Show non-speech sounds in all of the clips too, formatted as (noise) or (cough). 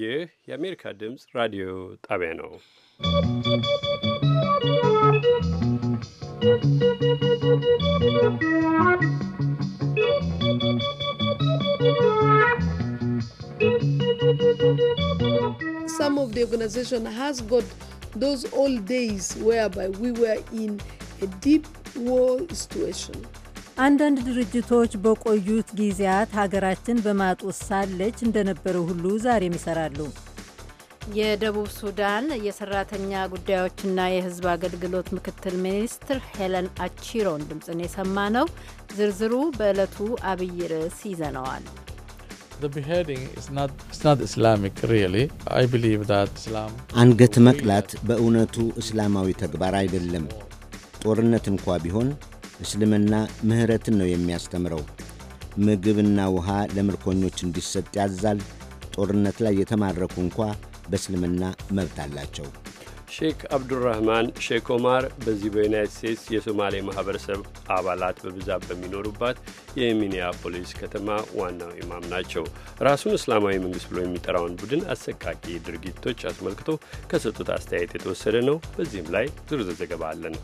ይህ የአሜሪካ ድምፅ ራዲዮ ጣቢያ ነው። Some of the organization has got those old days whereby we were in a deep war situation. አንዳንድ ድርጅቶች በቆዩት ጊዜያት ሀገራችን በማጥ ሳለች እንደነበረው ሁሉ ዛሬም ይሰራሉ። የደቡብ ሱዳን የሰራተኛ ጉዳዮችና የሕዝብ አገልግሎት ምክትል ሚኒስትር ሄለን አቺሮን ድምፅን የሰማ ነው። ዝርዝሩ በዕለቱ አብይ ርዕስ ይዘነዋል። አንገት መቅላት በእውነቱ እስላማዊ ተግባር አይደለም። ጦርነት እንኳ ቢሆን እስልምና ምህረትን ነው የሚያስተምረው። ምግብና ውሃ ለምርኮኞች እንዲሰጥ ያዛል። ጦርነት ላይ የተማረኩ እንኳ በእስልምና መብት አላቸው። ሼክ አብዱራህማን ሼክ ኦማር በዚህ በዩናይት ስቴትስ የሶማሌ ማህበረሰብ አባላት በብዛት በሚኖሩባት የሚኒያፖሊስ ከተማ ዋናው ኢማም ናቸው። ራሱን እስላማዊ መንግስት ብሎ የሚጠራውን ቡድን አሰቃቂ ድርጊቶች አስመልክቶ ከሰጡት አስተያየት የተወሰደ ነው። በዚህም ላይ ዝርዝር ዘገባ አለን።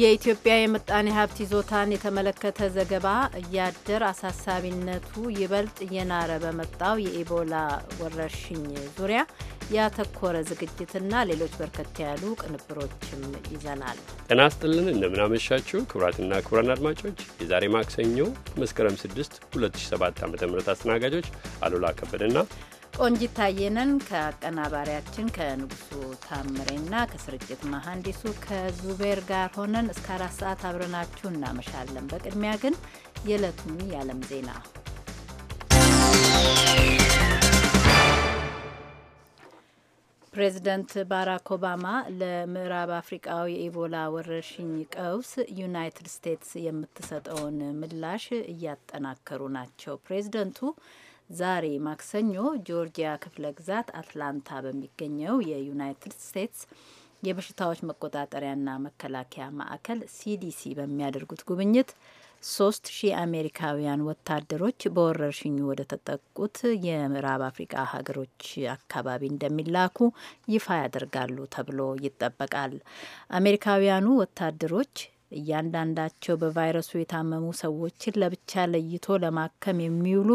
የኢትዮጵያ የምጣኔ ሀብት ይዞታን የተመለከተ ዘገባ እያደር አሳሳቢነቱ ይበልጥ እየናረ በመጣው የኢቦላ ወረርሽኝ ዙሪያ ያተኮረ ዝግጅትና ሌሎች በርከት ያሉ ቅንብሮችም ይዘናል። ጤና ስጥልን፣ እንደምናመሻችሁ ክቡራትና ክቡራን አድማጮች የዛሬ ማክሰኞ መስከረም 6 2007 ዓ ም አስተናጋጆች አሉላ ከበደና ቆንጂት ታየነን ከአቀናባሪያችን ከንጉሱ ታምሬና ከስርጭት መሐንዲሱ ከዙቤር ጋር ሆነን እስከ አራት ሰዓት አብረናችሁ እናመሻለን። በቅድሚያ ግን የዕለቱን የዓለም ዜና ፕሬዚደንት ባራክ ኦባማ ለምዕራብ አፍሪቃው የኢቦላ ወረርሽኝ ቀውስ ዩናይትድ ስቴትስ የምትሰጠውን ምላሽ እያጠናከሩ ናቸው። ፕሬዚደንቱ ዛሬ ማክሰኞ ጆርጂያ ክፍለ ግዛት አትላንታ በሚገኘው የዩናይትድ ስቴትስ የበሽታዎች መቆጣጠሪያና መከላከያ ማዕከል ሲዲሲ በሚያደርጉት ጉብኝት ሶስት ሺህ አሜሪካውያን ወታደሮች በወረርሽኙ ወደ ተጠቁት የምዕራብ አፍሪቃ ሀገሮች አካባቢ እንደሚላኩ ይፋ ያደርጋሉ ተብሎ ይጠበቃል። አሜሪካውያኑ ወታደሮች እያንዳንዳቸው በቫይረሱ የታመሙ ሰዎችን ለብቻ ለይቶ ለማከም የሚውሉ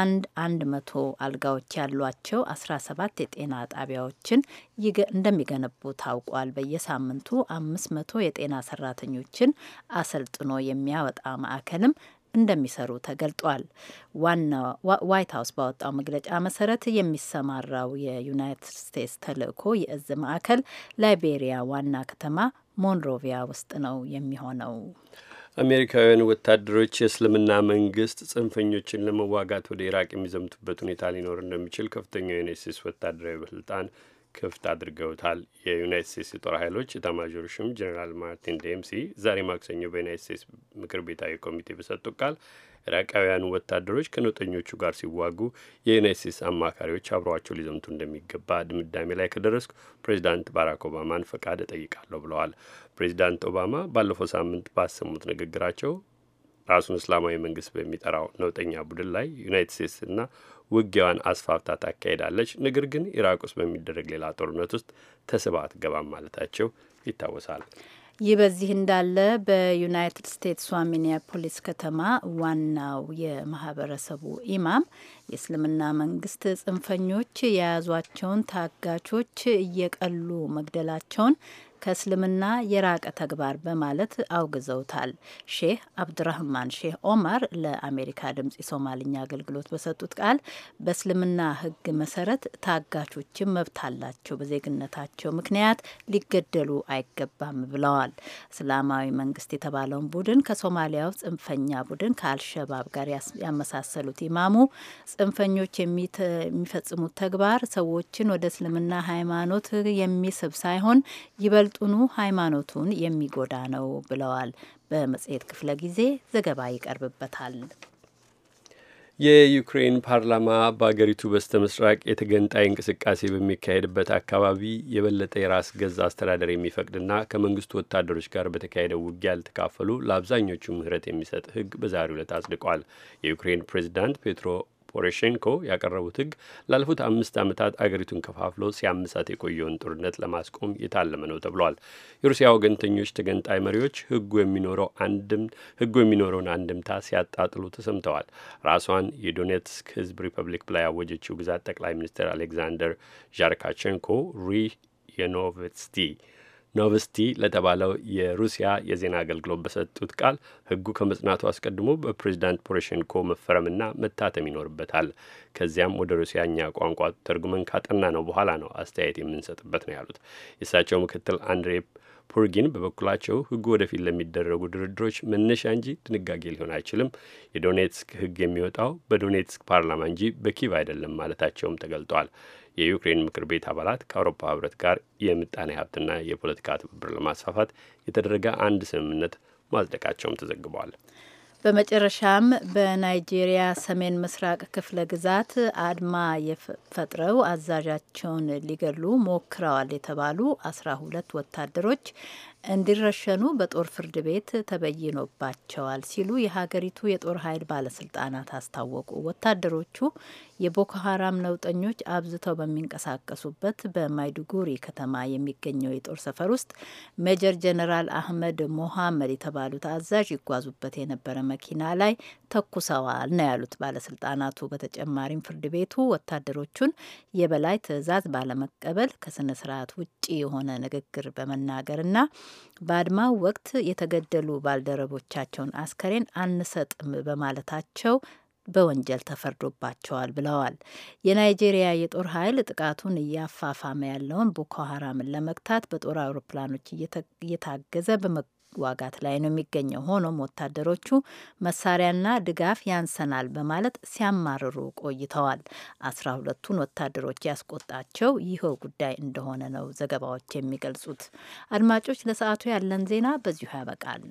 አንድ አንድ መቶ አልጋዎች ያሏቸው ሰባት የጤና ጣቢያዎችን እንደሚገነቡ ታውቋል። በየሳምንቱ መቶ የጤና ሰራተኞችን አሰልጥኖ የሚያወጣ ማዕከልም እንደሚሰሩ ተገልጧል። ዋና ዋይት ሀውስ ባወጣው መግለጫ መሰረት የሚሰማራው የዩናይትድ ስቴትስ ተልእኮ የእዝ ማዕከል ላይቤሪያ ዋና ከተማ ሞንሮቪያ ውስጥ ነው የሚሆነው። አሜሪካውያን ወታደሮች የእስልምና መንግስት ጽንፈኞችን ለመዋጋት ወደ ኢራቅ የሚዘምቱበት ሁኔታ ሊኖር እንደሚችል ከፍተኛው የዩናይት ስቴትስ ወታደራዊ ባለስልጣን ክፍት አድርገውታል። የዩናይት ስቴትስ የጦር ኃይሎች ኤታማዦር ሹም ጀኔራል ማርቲን ዴምሲ ዛሬ ማክሰኞ በዩናይት ስቴትስ ምክር ቤታዊ ኮሚቴ በሰጡት ቃል ኢራቃውያኑ ወታደሮች ከነውጠኞቹ ጋር ሲዋጉ የዩናይት ስቴትስ አማካሪዎች አብረዋቸው ሊዘምቱ እንደሚገባ ድምዳሜ ላይ ከደረስኩ ፕሬዚዳንት ባራክ ኦባማን ፈቃድ እጠይቃለሁ ብለዋል። ፕሬዚዳንት ኦባማ ባለፈው ሳምንት ባሰሙት ንግግራቸው ራሱን እስላማዊ መንግስት በሚጠራው ነውጠኛ ቡድን ላይ ዩናይት ስቴትስና ውጊያዋን አስፋፍታ ታካሄዳለች፣ ነገር ግን ኢራቅ ውስጥ በሚደረግ ሌላ ጦርነት ውስጥ ተስባ አትገባም ማለታቸው ይታወሳል። ይህ በዚህ እንዳለ በዩናይትድ ስቴትስ ሚኒያፖሊስ ከተማ ዋናው የማህበረሰቡ ኢማም የእስልምና መንግስት ጽንፈኞች የያዟቸውን ታጋቾች እየቀሉ መግደላቸውን ከእስልምና የራቀ ተግባር በማለት አውግዘውታል። ሼህ አብድራህማን ሼህ ኦማር ለአሜሪካ ድምጽ የሶማልኛ አገልግሎት በሰጡት ቃል በእስልምና ሕግ መሰረት ታጋቾችን መብት አላቸው፣ በዜግነታቸው ምክንያት ሊገደሉ አይገባም ብለዋል። እስላማዊ መንግስት የተባለውን ቡድን ከሶማሊያው ጽንፈኛ ቡድን ከአልሸባብ ጋር ያመሳሰሉት ኢማሙ ጽንፈኞች የሚፈጽሙት ተግባር ሰዎችን ወደ እስልምና ሃይማኖት የሚስብ ሳይሆን ይበል ይበልጡኑ ሃይማኖቱን የሚጎዳ ነው ብለዋል። በመጽሔት ክፍለ ጊዜ ዘገባ ይቀርብበታል። የዩክሬን ፓርላማ በአገሪቱ በስተ ምስራቅ የተገንጣይ እንቅስቃሴ በሚካሄድበት አካባቢ የበለጠ የራስ ገዝ አስተዳደር የሚፈቅድና ከመንግስቱ ወታደሮች ጋር በተካሄደው ውጊያ ያልተካፈሉ ለአብዛኞቹ ምህረት የሚሰጥ ህግ በዛሬው ዕለት አጽድቋል። የዩክሬን ፕሬዚዳንት ፔትሮ ፖሮሼንኮ ያቀረቡት ሕግ ላለፉት አምስት ዓመታት አገሪቱን ከፋፍሎ ሲያምሳት የቆየውን ጦርነት ለማስቆም የታለመ ነው ተብሏል። የሩሲያ ወገንተኞች ተገንጣይ መሪዎች ሕጉ የሚኖረው አንድም ሕጉ የሚኖረውን አንድምታ ሲያጣጥሉ ተሰምተዋል። ራሷን የዶኔትስክ ሕዝብ ሪፐብሊክ ብላ ያወጀችው ግዛት ጠቅላይ ሚኒስትር አሌክዛንደር ዣርካቸንኮ ሪ የኖቬስቲ ኖቨስቲ ለተባለው የሩሲያ የዜና አገልግሎት በሰጡት ቃል ህጉ ከመጽናቱ አስቀድሞ በፕሬዚዳንት ፖሮሼንኮ መፈረምና መታተም ይኖርበታል። ከዚያም ወደ ሩሲያኛ ቋንቋ ተርጉመን ካጠና ነው በኋላ ነው አስተያየት የምንሰጥበት ነው ያሉት። የእሳቸው ምክትል አንድሬ ፑርጊን በበኩላቸው ህጉ ወደፊት ለሚደረጉ ድርድሮች መነሻ እንጂ ድንጋጌ ሊሆን አይችልም። የዶኔትስክ ህግ የሚወጣው በዶኔትስክ ፓርላማ እንጂ በኪቭ አይደለም ማለታቸውም ተገልጧል። የዩክሬን ምክር ቤት አባላት ከአውሮፓ ህብረት ጋር የምጣኔ ሀብትና የፖለቲካ ትብብር ለማስፋፋት የተደረገ አንድ ስምምነት ማጽደቃቸውም ተዘግበዋል። በመጨረሻም በናይጄሪያ ሰሜን ምስራቅ ክፍለ ግዛት አድማ የፈጥረው አዛዣቸውን ሊገሉ ሞክረዋል የተባሉ አስራ ሁለት ወታደሮች እንዲረሸኑ በጦር ፍርድ ቤት ተበይኖባቸዋል ሲሉ የሀገሪቱ የጦር ኃይል ባለስልጣናት አስታወቁ። ወታደሮቹ የቦኮ ሀራም ነውጠኞች አብዝተው በሚንቀሳቀሱበት በማይዱጉሪ ከተማ የሚገኘው የጦር ሰፈር ውስጥ ሜጀር ጀነራል አህመድ ሞሐመድ የተባሉት አዛዥ ይጓዙበት የነበረ መኪና ላይ ተኩሰዋል ነው ያሉት ባለስልጣናቱ። በተጨማሪም ፍርድ ቤቱ ወታደሮቹን የበላይ ትዕዛዝ ባለመቀበል ከስነ ስርዓት ውጪ የሆነ ንግግር በመናገርና በአድማው ወቅት የተገደሉ ባልደረቦቻቸውን አስከሬን አንሰጥም በማለታቸው በወንጀል ተፈርዶባቸዋል ብለዋል። የናይጄሪያ የጦር ኃይል ጥቃቱን እያፋፋመ ያለውን ቦኮ ሀራምን ለመግታት በጦር አውሮፕላኖች እየታገዘ መዋጋት ላይ ነው የሚገኘው። ሆኖም ወታደሮቹ መሳሪያና ድጋፍ ያንሰናል በማለት ሲያማርሩ ቆይተዋል። አስራ ሁለቱን ወታደሮች ያስቆጣቸው ይኸው ጉዳይ እንደሆነ ነው ዘገባዎች የሚገልጹት። አድማጮች፣ ለሰዓቱ ያለን ዜና በዚሁ ያበቃል።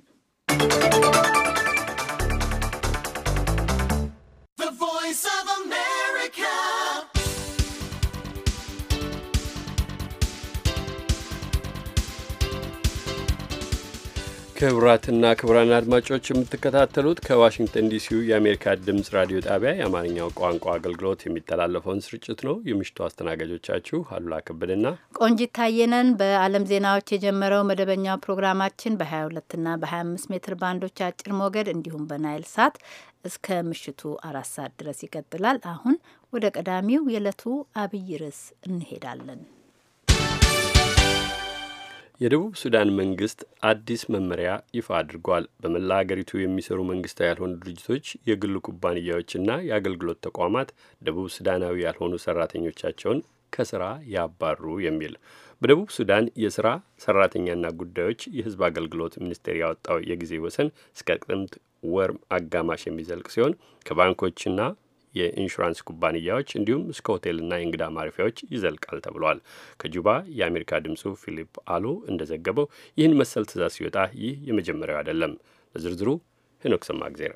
ክቡራትና ክቡራን አድማጮች የምትከታተሉት ከዋሽንግተን ዲሲው የአሜሪካ ድምፅ ራዲዮ ጣቢያ የአማርኛው ቋንቋ አገልግሎት የሚተላለፈውን ስርጭት ነው። የምሽቱ አስተናጋጆቻችሁ አሉላ ከበደና ቆንጂት ታየነን። በዓለም ዜናዎች የጀመረው መደበኛ ፕሮግራማችን በ22ና በ25 ሜትር ባንዶች አጭር ሞገድ እንዲሁም በናይል ሳት እስከ ምሽቱ አራት ሰዓት ድረስ ይቀጥላል። አሁን ወደ ቀዳሚው የዕለቱ አብይ ርዕስ እንሄዳለን። የደቡብ ሱዳን መንግስት አዲስ መመሪያ ይፋ አድርጓል። በመላ አገሪቱ የሚሰሩ መንግስታዊ ያልሆኑ ድርጅቶች፣ የግል ኩባንያዎችና የአገልግሎት ተቋማት ደቡብ ሱዳናዊ ያልሆኑ ሰራተኞቻቸውን ከስራ ያባሩ የሚል በደቡብ ሱዳን የስራ ሰራተኛና ጉዳዮች የህዝብ አገልግሎት ሚኒስቴር ያወጣው የጊዜ ወሰን እስከ ጥቅምት ወር አጋማሽ የሚዘልቅ ሲሆን ከባንኮችና የኢንሹራንስ ኩባንያዎች እንዲሁም እስከ ሆቴልና የእንግዳ ማረፊያዎች ይዘልቃል ተብሏል። ከጁባ የአሜሪካ ድምፁ ፊሊፕ አሎ እንደዘገበው ይህን መሰል ትዕዛዝ ሲወጣ ይህ የመጀመሪያው አይደለም። ለዝርዝሩ ሄኖክ ሰማግዜር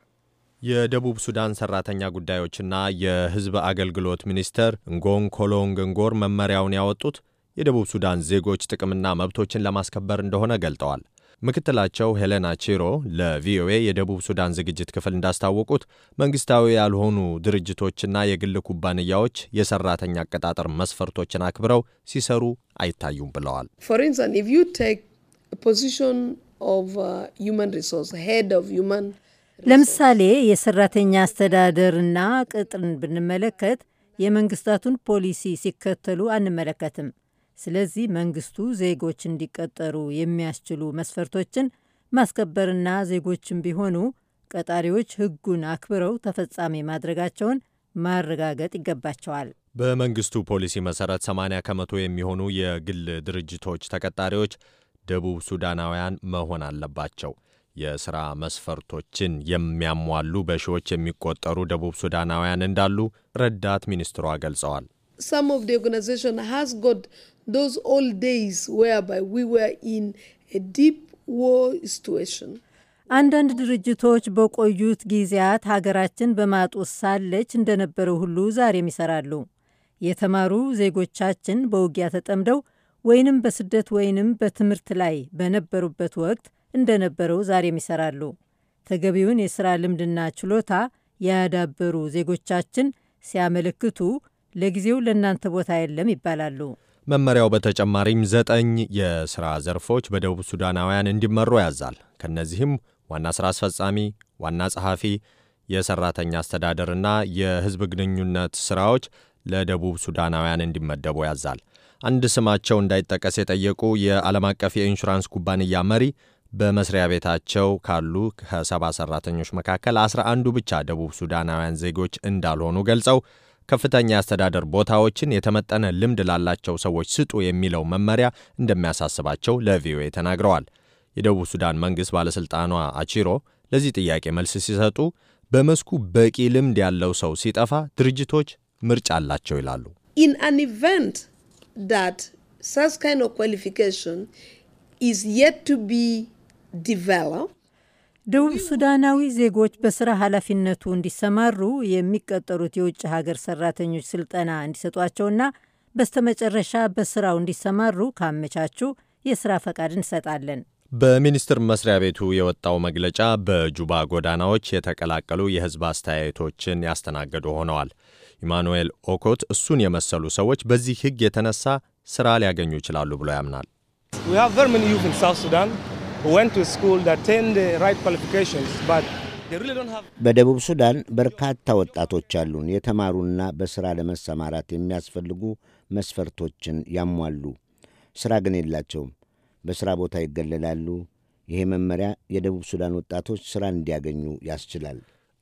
የደቡብ ሱዳን ሰራተኛ ጉዳዮችና የሕዝብ አገልግሎት ሚኒስተር እንጎን ኮሎንግ እንጎር መመሪያውን ያወጡት የደቡብ ሱዳን ዜጎች ጥቅምና መብቶችን ለማስከበር እንደሆነ ገልጠዋል። ምክትላቸው ሄለና ቺሮ ለቪኦኤ የደቡብ ሱዳን ዝግጅት ክፍል እንዳስታወቁት መንግስታዊ ያልሆኑ ድርጅቶችና የግል ኩባንያዎች የሰራተኛ አቀጣጠር መስፈርቶችን አክብረው ሲሰሩ አይታዩም ብለዋል። uh, ለምሳሌ የሰራተኛ አስተዳደርና ቅጥርን ብንመለከት የመንግስታቱን ፖሊሲ ሲከተሉ አንመለከትም። ስለዚህ መንግስቱ ዜጎች እንዲቀጠሩ የሚያስችሉ መስፈርቶችን ማስከበርና ዜጎችም ቢሆኑ ቀጣሪዎች ህጉን አክብረው ተፈጻሚ ማድረጋቸውን ማረጋገጥ ይገባቸዋል። በመንግስቱ ፖሊሲ መሰረት 80 ከመቶ የሚሆኑ የግል ድርጅቶች ተቀጣሪዎች ደቡብ ሱዳናውያን መሆን አለባቸው። የሥራ መስፈርቶችን የሚያሟሉ በሺዎች የሚቆጠሩ ደቡብ ሱዳናውያን እንዳሉ ረዳት ሚኒስትሯ ገልጸዋል። some of the organization has got those old days whereby we were in a deep war situation. አንዳንድ ድርጅቶች በቆዩት ጊዜያት ሀገራችን በማጥ ውስጥ ሳለች እንደነበረው ሁሉ ዛሬም ይሰራሉ። የተማሩ ዜጎቻችን በውጊያ ተጠምደው ወይንም በስደት ወይንም በትምህርት ላይ በነበሩበት ወቅት እንደነበረው ዛሬም ይሰራሉ። ተገቢውን የሥራ ልምድና ችሎታ ያዳበሩ ዜጎቻችን ሲያመለክቱ ለጊዜው ለእናንተ ቦታ የለም ይባላሉ። መመሪያው በተጨማሪም ዘጠኝ የሥራ ዘርፎች በደቡብ ሱዳናውያን እንዲመሩ ያዛል። ከእነዚህም ዋና ሥራ አስፈጻሚ፣ ዋና ጸሐፊ፣ የሠራተኛ አስተዳደርና የሕዝብ ግንኙነት ሥራዎች ለደቡብ ሱዳናውያን እንዲመደቡ ያዛል። አንድ ስማቸው እንዳይጠቀስ የጠየቁ የዓለም አቀፍ የኢንሹራንስ ኩባንያ መሪ በመስሪያ ቤታቸው ካሉ ከሰባ ሠራተኞች መካከል አስራ አንዱ ብቻ ደቡብ ሱዳናውያን ዜጎች እንዳልሆኑ ገልጸው ከፍተኛ የአስተዳደር ቦታዎችን የተመጠነ ልምድ ላላቸው ሰዎች ስጡ የሚለው መመሪያ እንደሚያሳስባቸው ለቪኦኤ ተናግረዋል። የደቡብ ሱዳን መንግሥት ባለሥልጣኗ አቺሮ ለዚህ ጥያቄ መልስ ሲሰጡ በመስኩ በቂ ልምድ ያለው ሰው ሲጠፋ ድርጅቶች ምርጫ አላቸው ይላሉ። ኢን አን ኢቨንት ዳት ሳች ካይንድ ኦፍ ኳሊፊኬሽን ኢዝ የት ቱ ቢ ደቡብ ሱዳናዊ ዜጎች በስራ ኃላፊነቱ እንዲሰማሩ የሚቀጠሩት የውጭ ሀገር ሰራተኞች ስልጠና እንዲሰጧቸውና በስተመጨረሻ በስራው እንዲሰማሩ ካመቻቹ የስራ ፈቃድ እንሰጣለን። በሚኒስቴር መስሪያ ቤቱ የወጣው መግለጫ በጁባ ጎዳናዎች የተቀላቀሉ የህዝብ አስተያየቶችን ያስተናገዱ ሆነዋል። ኢማኑኤል ኦኮት እሱን የመሰሉ ሰዎች በዚህ ህግ የተነሳ ስራ ሊያገኙ ይችላሉ ብሎ ያምናል። በደቡብ ሱዳን በርካታ ወጣቶች አሉን፣ የተማሩና በሥራ ለመሰማራት የሚያስፈልጉ መስፈርቶችን ያሟሉ፣ ሥራ ግን የላቸውም። በሥራ ቦታ ይገለላሉ። ይሄ መመሪያ የደቡብ ሱዳን ወጣቶች ሥራ እንዲያገኙ ያስችላል።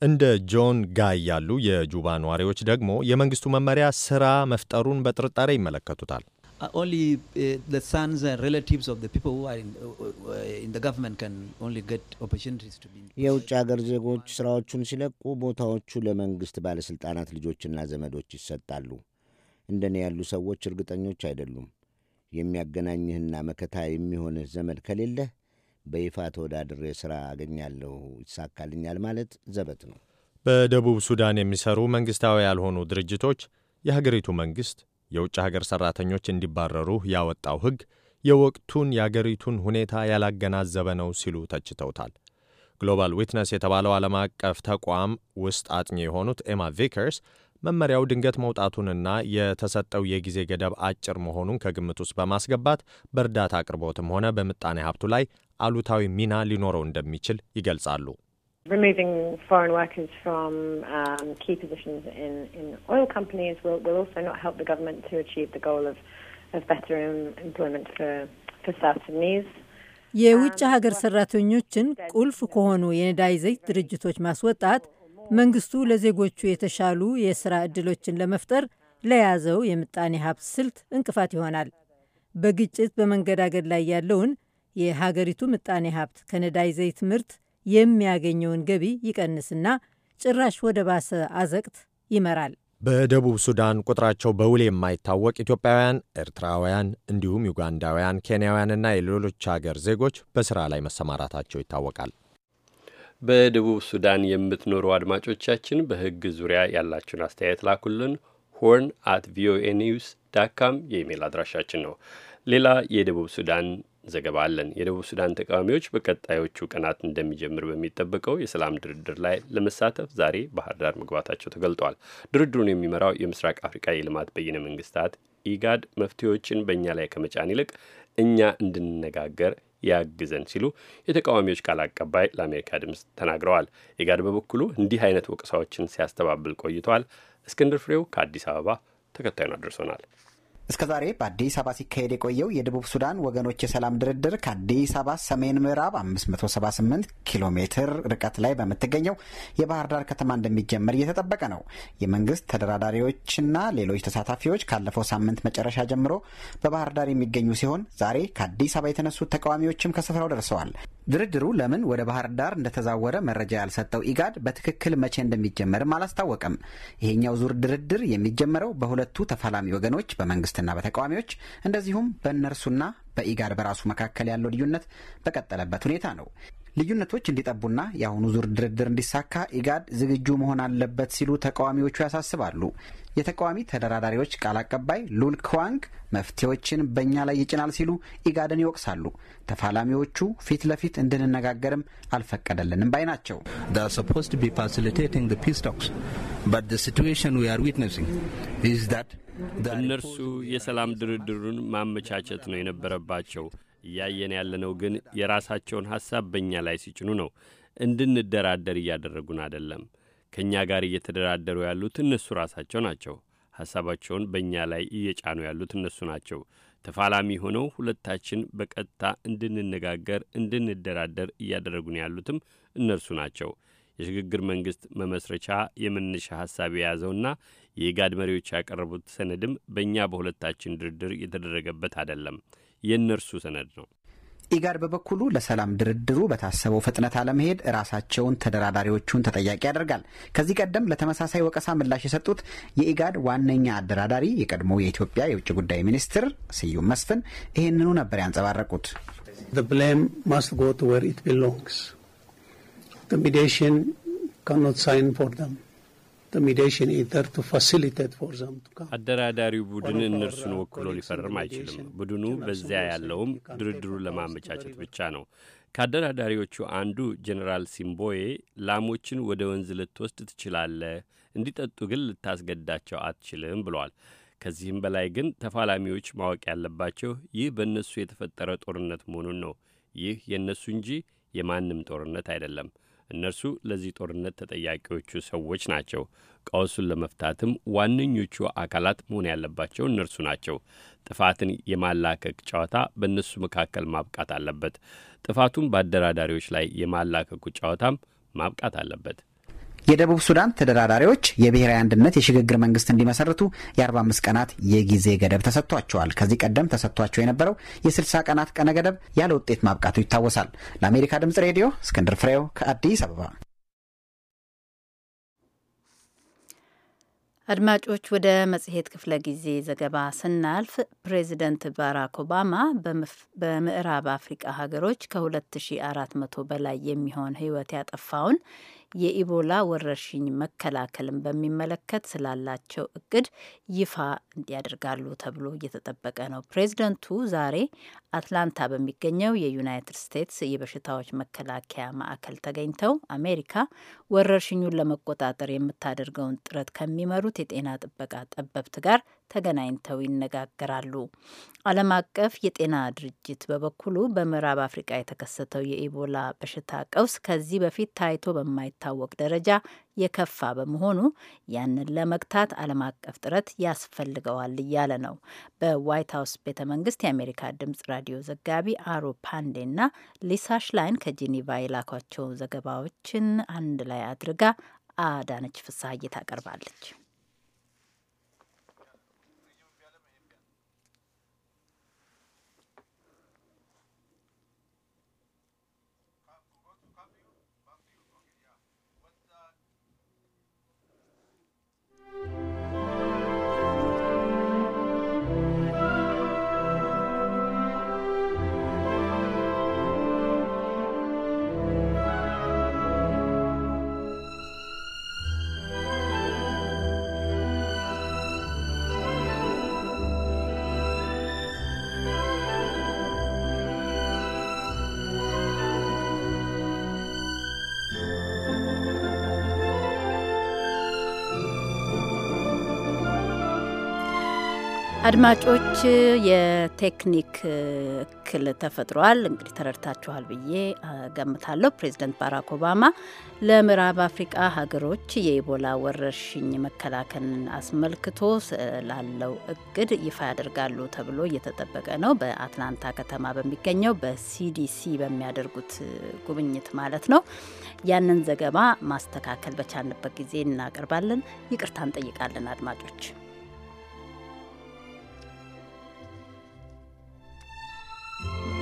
እንደ ጆን ጋይ ያሉ የጁባ ነዋሪዎች ደግሞ የመንግሥቱ መመሪያ ሥራ መፍጠሩን በጥርጣሬ ይመለከቱታል። uh, only uh, the sons and relatives of the people who are in, uh, uh in the government can only get opportunities to be የውጭ ሀገር ዜጎች ስራዎቹን ሲለቁ ቦታዎቹ ለመንግስት ባለስልጣናት ልጆችና ዘመዶች ይሰጣሉ። እንደኔ ያሉ ሰዎች እርግጠኞች አይደሉም። የሚያገናኝህና መከታ የሚሆንህ ዘመድ ከሌለህ በይፋ ተወዳድሬ ስራ አገኛለሁ ይሳካልኛል ማለት ዘበት ነው። በደቡብ ሱዳን የሚሰሩ መንግስታዊ ያልሆኑ ድርጅቶች የሀገሪቱ መንግስት የውጭ ሀገር ሠራተኞች እንዲባረሩ ያወጣው ሕግ የወቅቱን የአገሪቱን ሁኔታ ያላገናዘበ ነው ሲሉ ተችተውታል። ግሎባል ዊትነስ የተባለው ዓለም አቀፍ ተቋም ውስጥ አጥኚ የሆኑት ኤማ ቪከርስ መመሪያው ድንገት መውጣቱንና የተሰጠው የጊዜ ገደብ አጭር መሆኑን ከግምት ውስጥ በማስገባት በእርዳታ አቅርቦትም ሆነ በምጣኔ ሀብቱ ላይ አሉታዊ ሚና ሊኖረው እንደሚችል ይገልጻሉ። Removing foreign workers from um, key positions in, in oil companies will, will also not help the government to achieve the goal of, of better employment for, for South Sudanese. የውጭ ሀገር ሰራተኞችን ቁልፍ ከሆኑ የነዳጅ ዘይት ድርጅቶች ማስወጣት መንግስቱ ለዜጎቹ የተሻሉ የሥራ ዕድሎችን ለመፍጠር ለያዘው የምጣኔ ሀብት ስልት እንቅፋት ይሆናል። በግጭት በመንገዳገድ ላይ ያለውን የሀገሪቱ ምጣኔ ሀብት ከነዳጅ ዘይት ምርት የሚያገኘውን ገቢ ይቀንስና ጭራሽ ወደ ባሰ አዘቅት ይመራል። በደቡብ ሱዳን ቁጥራቸው በውል የማይታወቅ ኢትዮጵያውያን፣ ኤርትራውያን እንዲሁም ዩጋንዳውያን፣ ኬንያውያንና የሌሎች አገር ዜጎች በስራ ላይ መሰማራታቸው ይታወቃል። በደቡብ ሱዳን የምትኖሩ አድማጮቻችን በሕግ ዙሪያ ያላችሁን አስተያየት ላኩልን። ሆርን አት ቪኦኤ ኒውስ ዳት የኢሜል የኢሜይል አድራሻችን ነው። ሌላ የደቡብ ሱዳን ዘገባ አለን። የደቡብ ሱዳን ተቃዋሚዎች በቀጣዮቹ ቀናት እንደሚጀምር በሚጠበቀው የሰላም ድርድር ላይ ለመሳተፍ ዛሬ ባህር ዳር መግባታቸው ተገልጧል። ድርድሩን የሚመራው የምስራቅ አፍሪካ የልማት በይነ መንግስታት ኢጋድ መፍትሄዎችን በእኛ ላይ ከመጫን ይልቅ እኛ እንድንነጋገር ያግዘን ሲሉ የተቃዋሚዎች ቃል አቀባይ ለአሜሪካ ድምፅ ተናግረዋል። ኢጋድ በበኩሉ እንዲህ አይነት ወቀሳዎችን ሲያስተባብል ቆይቷል። እስክንድር ፍሬው ከአዲስ አበባ ተከታዩን አድርሶናል። እስከ ዛሬ በአዲስ አበባ ሲካሄድ የቆየው የደቡብ ሱዳን ወገኖች የሰላም ድርድር ከአዲስ አበባ ሰሜን ምዕራብ 578 ኪሎ ሜትር ርቀት ላይ በምትገኘው የባህር ዳር ከተማ እንደሚጀመር እየተጠበቀ ነው። የመንግስት ተደራዳሪዎችና ሌሎች ተሳታፊዎች ካለፈው ሳምንት መጨረሻ ጀምሮ በባህር ዳር የሚገኙ ሲሆን ዛሬ ከአዲስ አበባ የተነሱት ተቃዋሚዎችም ከስፍራው ደርሰዋል። ድርድሩ ለምን ወደ ባህር ዳር እንደተዛወረ መረጃ ያልሰጠው ኢጋድ በትክክል መቼ እንደሚጀመርም አላስታወቀም። ይሄኛው ዙር ድርድር የሚጀመረው በሁለቱ ተፋላሚ ወገኖች በመንግስት በመንግስትና በተቃዋሚዎች እንደዚሁም በእነርሱና በኢጋድ በራሱ መካከል ያለው ልዩነት በቀጠለበት ሁኔታ ነው። ልዩነቶች እንዲጠቡና የአሁኑ ዙር ድርድር እንዲሳካ ኢጋድ ዝግጁ መሆን አለበት ሲሉ ተቃዋሚዎቹ ያሳስባሉ። የተቃዋሚ ተደራዳሪዎች ቃል አቀባይ ሉል ክዋንግ መፍትሄዎችን በእኛ ላይ ይጭናል ሲሉ ኢጋድን ይወቅሳሉ። ተፋላሚዎቹ ፊት ለፊት እንድንነጋገርም አልፈቀደልንም ባይ ናቸው። ስ ፋሲሊቴቲንግ ፒስ ቶክስ በት ዊ አር ዊትነሲንግ እነርሱ የሰላም ድርድሩን ማመቻቸት ነው የነበረባቸው። እያየን ያለነው ግን የራሳቸውን ሐሳብ በእኛ ላይ ሲጭኑ ነው። እንድንደራደር እያደረጉን አይደለም። ከእኛ ጋር እየተደራደሩ ያሉት እነሱ ራሳቸው ናቸው። ሐሳባቸውን በእኛ ላይ እየጫኑ ያሉት እነሱ ናቸው። ተፋላሚ ሆነው ሁለታችን በቀጥታ እንድንነጋገር፣ እንድንደራደር እያደረጉን ያሉትም እነርሱ ናቸው። የሽግግር መንግስት መመስረቻ የመነሻ ሐሳብ የያዘውና የኢጋድ መሪዎች ያቀረቡት ሰነድም በእኛ በሁለታችን ድርድር የተደረገበት አይደለም፣ የእነርሱ ሰነድ ነው። ኢጋድ በበኩሉ ለሰላም ድርድሩ በታሰበው ፍጥነት አለመሄድ ራሳቸውን ተደራዳሪዎቹን ተጠያቂ ያደርጋል። ከዚህ ቀደም ለተመሳሳይ ወቀሳ ምላሽ የሰጡት የኢጋድ ዋነኛ አደራዳሪ የቀድሞ የኢትዮጵያ የውጭ ጉዳይ ሚኒስትር ስዩም መስፍን ይህንኑ ነበር ያንጸባረቁት። ሚዲሽን ካኖት ሳይን ፎር ደም አደራዳሪው ቡድን እነርሱን uh, ወክሎ ሊፈርም አይችልም። ቡድኑ በዚያ ያለውም ድርድሩን ለማመቻቸት ብቻ ነው። ከአደራዳሪዎቹ አንዱ ጀኔራል ሲምቦዬ ላሞችን ወደ ወንዝ ልትወስድ ትችላለህ፣ እንዲጠጡ ግን ልታስገዳቸው አትችልም ብሏል። ከዚህም በላይ ግን ተፋላሚዎች ማወቅ ያለባቸው ይህ በእነሱ የተፈጠረ ጦርነት መሆኑን ነው። ይህ የእነሱ እንጂ የማንም ጦርነት አይደለም። እነርሱ ለዚህ ጦርነት ተጠያቂዎቹ ሰዎች ናቸው። ቀውሱን ለመፍታትም ዋነኞቹ አካላት መሆን ያለባቸው እነርሱ ናቸው። ጥፋትን የማላከክ ጨዋታ በእነሱ መካከል ማብቃት አለበት። ጥፋቱን በአደራዳሪዎች ላይ የማላከኩ ጨዋታም ማብቃት አለበት። የደቡብ ሱዳን ተደራዳሪዎች የብሔራዊ አንድነት የሽግግር መንግስት እንዲመሰርቱ የ45 ቀናት የጊዜ ገደብ ተሰጥቷቸዋል። ከዚህ ቀደም ተሰጥቷቸው የነበረው የ60 ቀናት ቀነ ገደብ ያለ ውጤት ማብቃቱ ይታወሳል። ለአሜሪካ ድምጽ ሬዲዮ እስክንድር ፍሬው ከአዲስ አበባ። አድማጮች ወደ መጽሔት ክፍለ ጊዜ ዘገባ ስናልፍ ፕሬዚደንት ባራክ ኦባማ በምዕራብ አፍሪቃ ሀገሮች ከ2400 በላይ የሚሆን ህይወት ያጠፋውን የኢቦላ ወረርሽኝ መከላከልን በሚመለከት ስላላቸው እቅድ ይፋ እንዲያደርጋሉ ተብሎ እየተጠበቀ ነው። ፕሬዚደንቱ ዛሬ አትላንታ በሚገኘው የዩናይትድ ስቴትስ የበሽታዎች መከላከያ ማዕከል ተገኝተው አሜሪካ ወረርሽኙን ለመቆጣጠር የምታደርገውን ጥረት ከሚመሩት የጤና ጥበቃ ጠበብት ጋር ተገናኝተው ይነጋገራሉ። ዓለም አቀፍ የጤና ድርጅት በበኩሉ በምዕራብ አፍሪቃ የተከሰተው የኢቦላ በሽታ ቀውስ ከዚህ በፊት ታይቶ በማይ በማይታወቅ ደረጃ የከፋ በመሆኑ ያንን ለመግታት ዓለም አቀፍ ጥረት ያስፈልገዋል እያለ ነው። በዋይት ሀውስ ቤተ መንግስት የአሜሪካ ድምጽ ራዲዮ ዘጋቢ አሮ ፓንዴና ሊሳ ሽላይን ከጄኔቫ የላኳቸው ዘገባዎችን አንድ ላይ አድርጋ አዳነች ፍስሀዬ ታቀርባለች። አድማጮች የቴክኒክ እክል ተፈጥሯል። እንግዲህ ተረድታችኋል ብዬ ገምታለሁ። ፕሬዚደንት ባራክ ኦባማ ለምዕራብ አፍሪቃ ሀገሮች የኢቦላ ወረርሽኝ መከላከልን አስመልክቶ ስላለው እቅድ ይፋ ያደርጋሉ ተብሎ እየተጠበቀ ነው። በአትላንታ ከተማ በሚገኘው በሲዲሲ በሚያደርጉት ጉብኝት ማለት ነው። ያንን ዘገባ ማስተካከል በቻልንበት ጊዜ እናቀርባለን። ይቅርታ እንጠይቃለን አድማጮች። 了。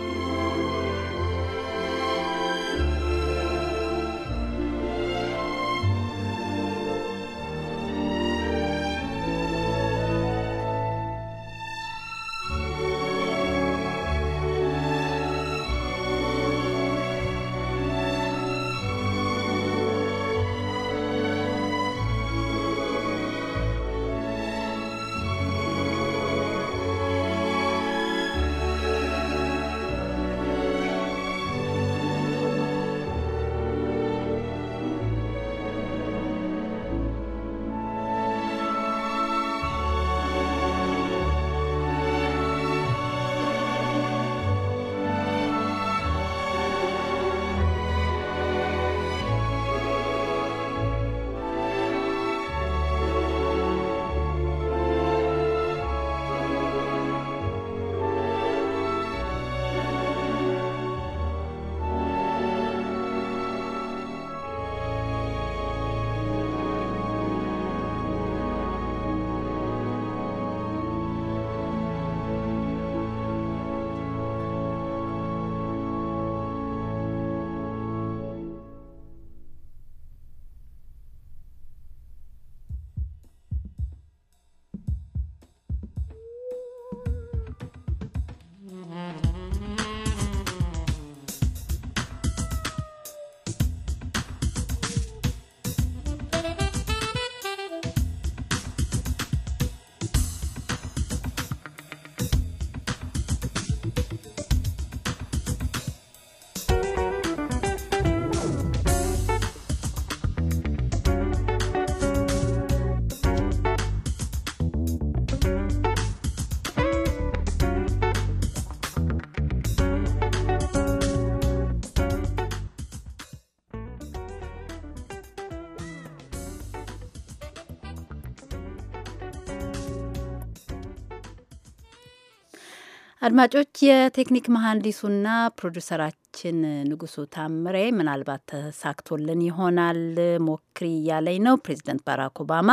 አድማጮች የቴክኒክ መሐንዲሱና ፕሮዲሰራችን ንጉሱ ታምሬ ምናልባት ተሳክቶልን ይሆናል ሞክሪ እያለኝ ነው። ፕሬዚደንት ባራክ ኦባማ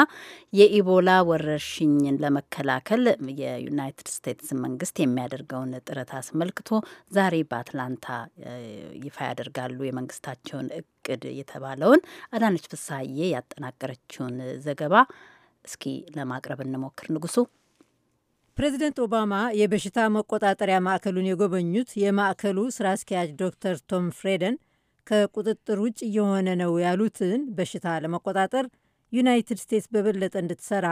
የኢቦላ ወረርሽኝን ለመከላከል የዩናይትድ ስቴትስ መንግስት የሚያደርገውን ጥረት አስመልክቶ ዛሬ በአትላንታ ይፋ ያደርጋሉ የመንግስታቸውን እቅድ የተባለውን። አዳነች ፍሳዬ ያጠናቀረችውን ዘገባ እስኪ ለማቅረብ እንሞክር ንጉሱ። ፕሬዚደንት ኦባማ የበሽታ መቆጣጠሪያ ማዕከሉን የጎበኙት የማዕከሉ ስራ አስኪያጅ ዶክተር ቶም ፍሬደን ከቁጥጥር ውጭ እየሆነ ነው ያሉትን በሽታ ለመቆጣጠር ዩናይትድ ስቴትስ በበለጠ እንድትሰራ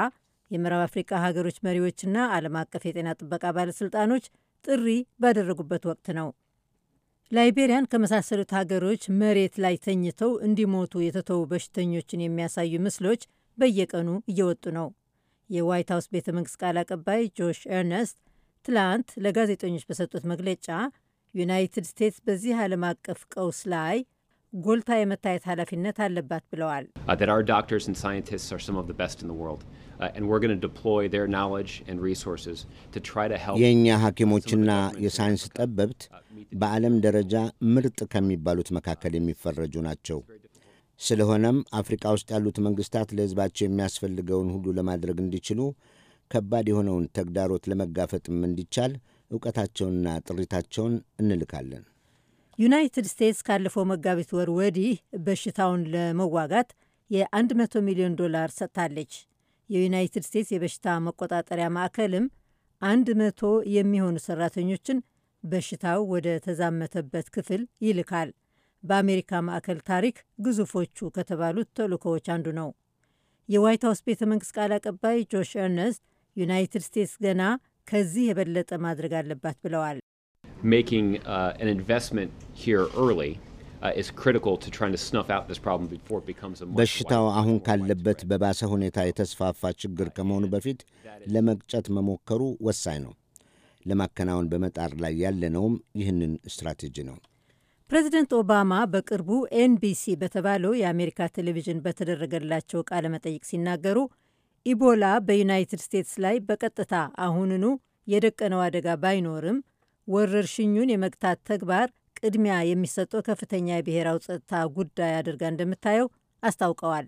የምዕራብ አፍሪካ ሀገሮች መሪዎችና ዓለም አቀፍ የጤና ጥበቃ ባለሥልጣኖች ጥሪ ባደረጉበት ወቅት ነው። ላይቤሪያን ከመሳሰሉት ሀገሮች መሬት ላይ ተኝተው እንዲሞቱ የተተዉ በሽተኞችን የሚያሳዩ ምስሎች በየቀኑ እየወጡ ነው። የዋይት ሀውስ ቤተ መንግስት ቃል አቀባይ ጆሽ ኤርነስት ትላንት ለጋዜጠኞች በሰጡት መግለጫ ዩናይትድ ስቴትስ በዚህ ዓለም አቀፍ ቀውስ ላይ ጎልታ የመታየት ኃላፊነት አለባት ብለዋል። uh, uh, የእኛ ሐኪሞችና የሳይንስ uh, ጠበብት በዓለም ደረጃ ምርጥ ከሚባሉት መካከል የሚፈረጁ ናቸው። ስለሆነም አፍሪካ ውስጥ ያሉት መንግስታት ለሕዝባቸው የሚያስፈልገውን ሁሉ ለማድረግ እንዲችሉ ከባድ የሆነውን ተግዳሮት ለመጋፈጥም እንዲቻል እውቀታቸውንና ጥሪታቸውን እንልካለን። ዩናይትድ ስቴትስ ካለፈው መጋቢት ወር ወዲህ በሽታውን ለመዋጋት የ100 ሚሊዮን ዶላር ሰጥታለች። የዩናይትድ ስቴትስ የበሽታ መቆጣጠሪያ ማዕከልም 100 የሚሆኑ ሰራተኞችን በሽታው ወደ ተዛመተበት ክፍል ይልካል። በአሜሪካ ማዕከል ታሪክ ግዙፎቹ ከተባሉት ተልእኮዎች አንዱ ነው። የዋይት ሀውስ ቤተ መንግስት ቃል አቀባይ ጆሽ ኤርነስት ዩናይትድ ስቴትስ ገና ከዚህ የበለጠ ማድረግ አለባት ብለዋል። uh, uh, በሽታው አሁን ካለበት በባሰ ሁኔታ የተስፋፋ ችግር ከመሆኑ በፊት ለመቅጨት መሞከሩ ወሳኝ ነው። ለማከናወን በመጣር ላይ ያለነውም ይህንን ስትራቴጂ ነው። ፕሬዚደንት ኦባማ በቅርቡ ኤንቢሲ በተባለው የአሜሪካ ቴሌቪዥን በተደረገላቸው ቃለ መጠይቅ ሲናገሩ ኢቦላ በዩናይትድ ስቴትስ ላይ በቀጥታ አሁንኑ የደቀነው አደጋ ባይኖርም ወረርሽኙን የመግታት ተግባር ቅድሚያ የሚሰጠው ከፍተኛ የብሔራዊ ጸጥታ ጉዳይ አድርጋ እንደምታየው አስታውቀዋል።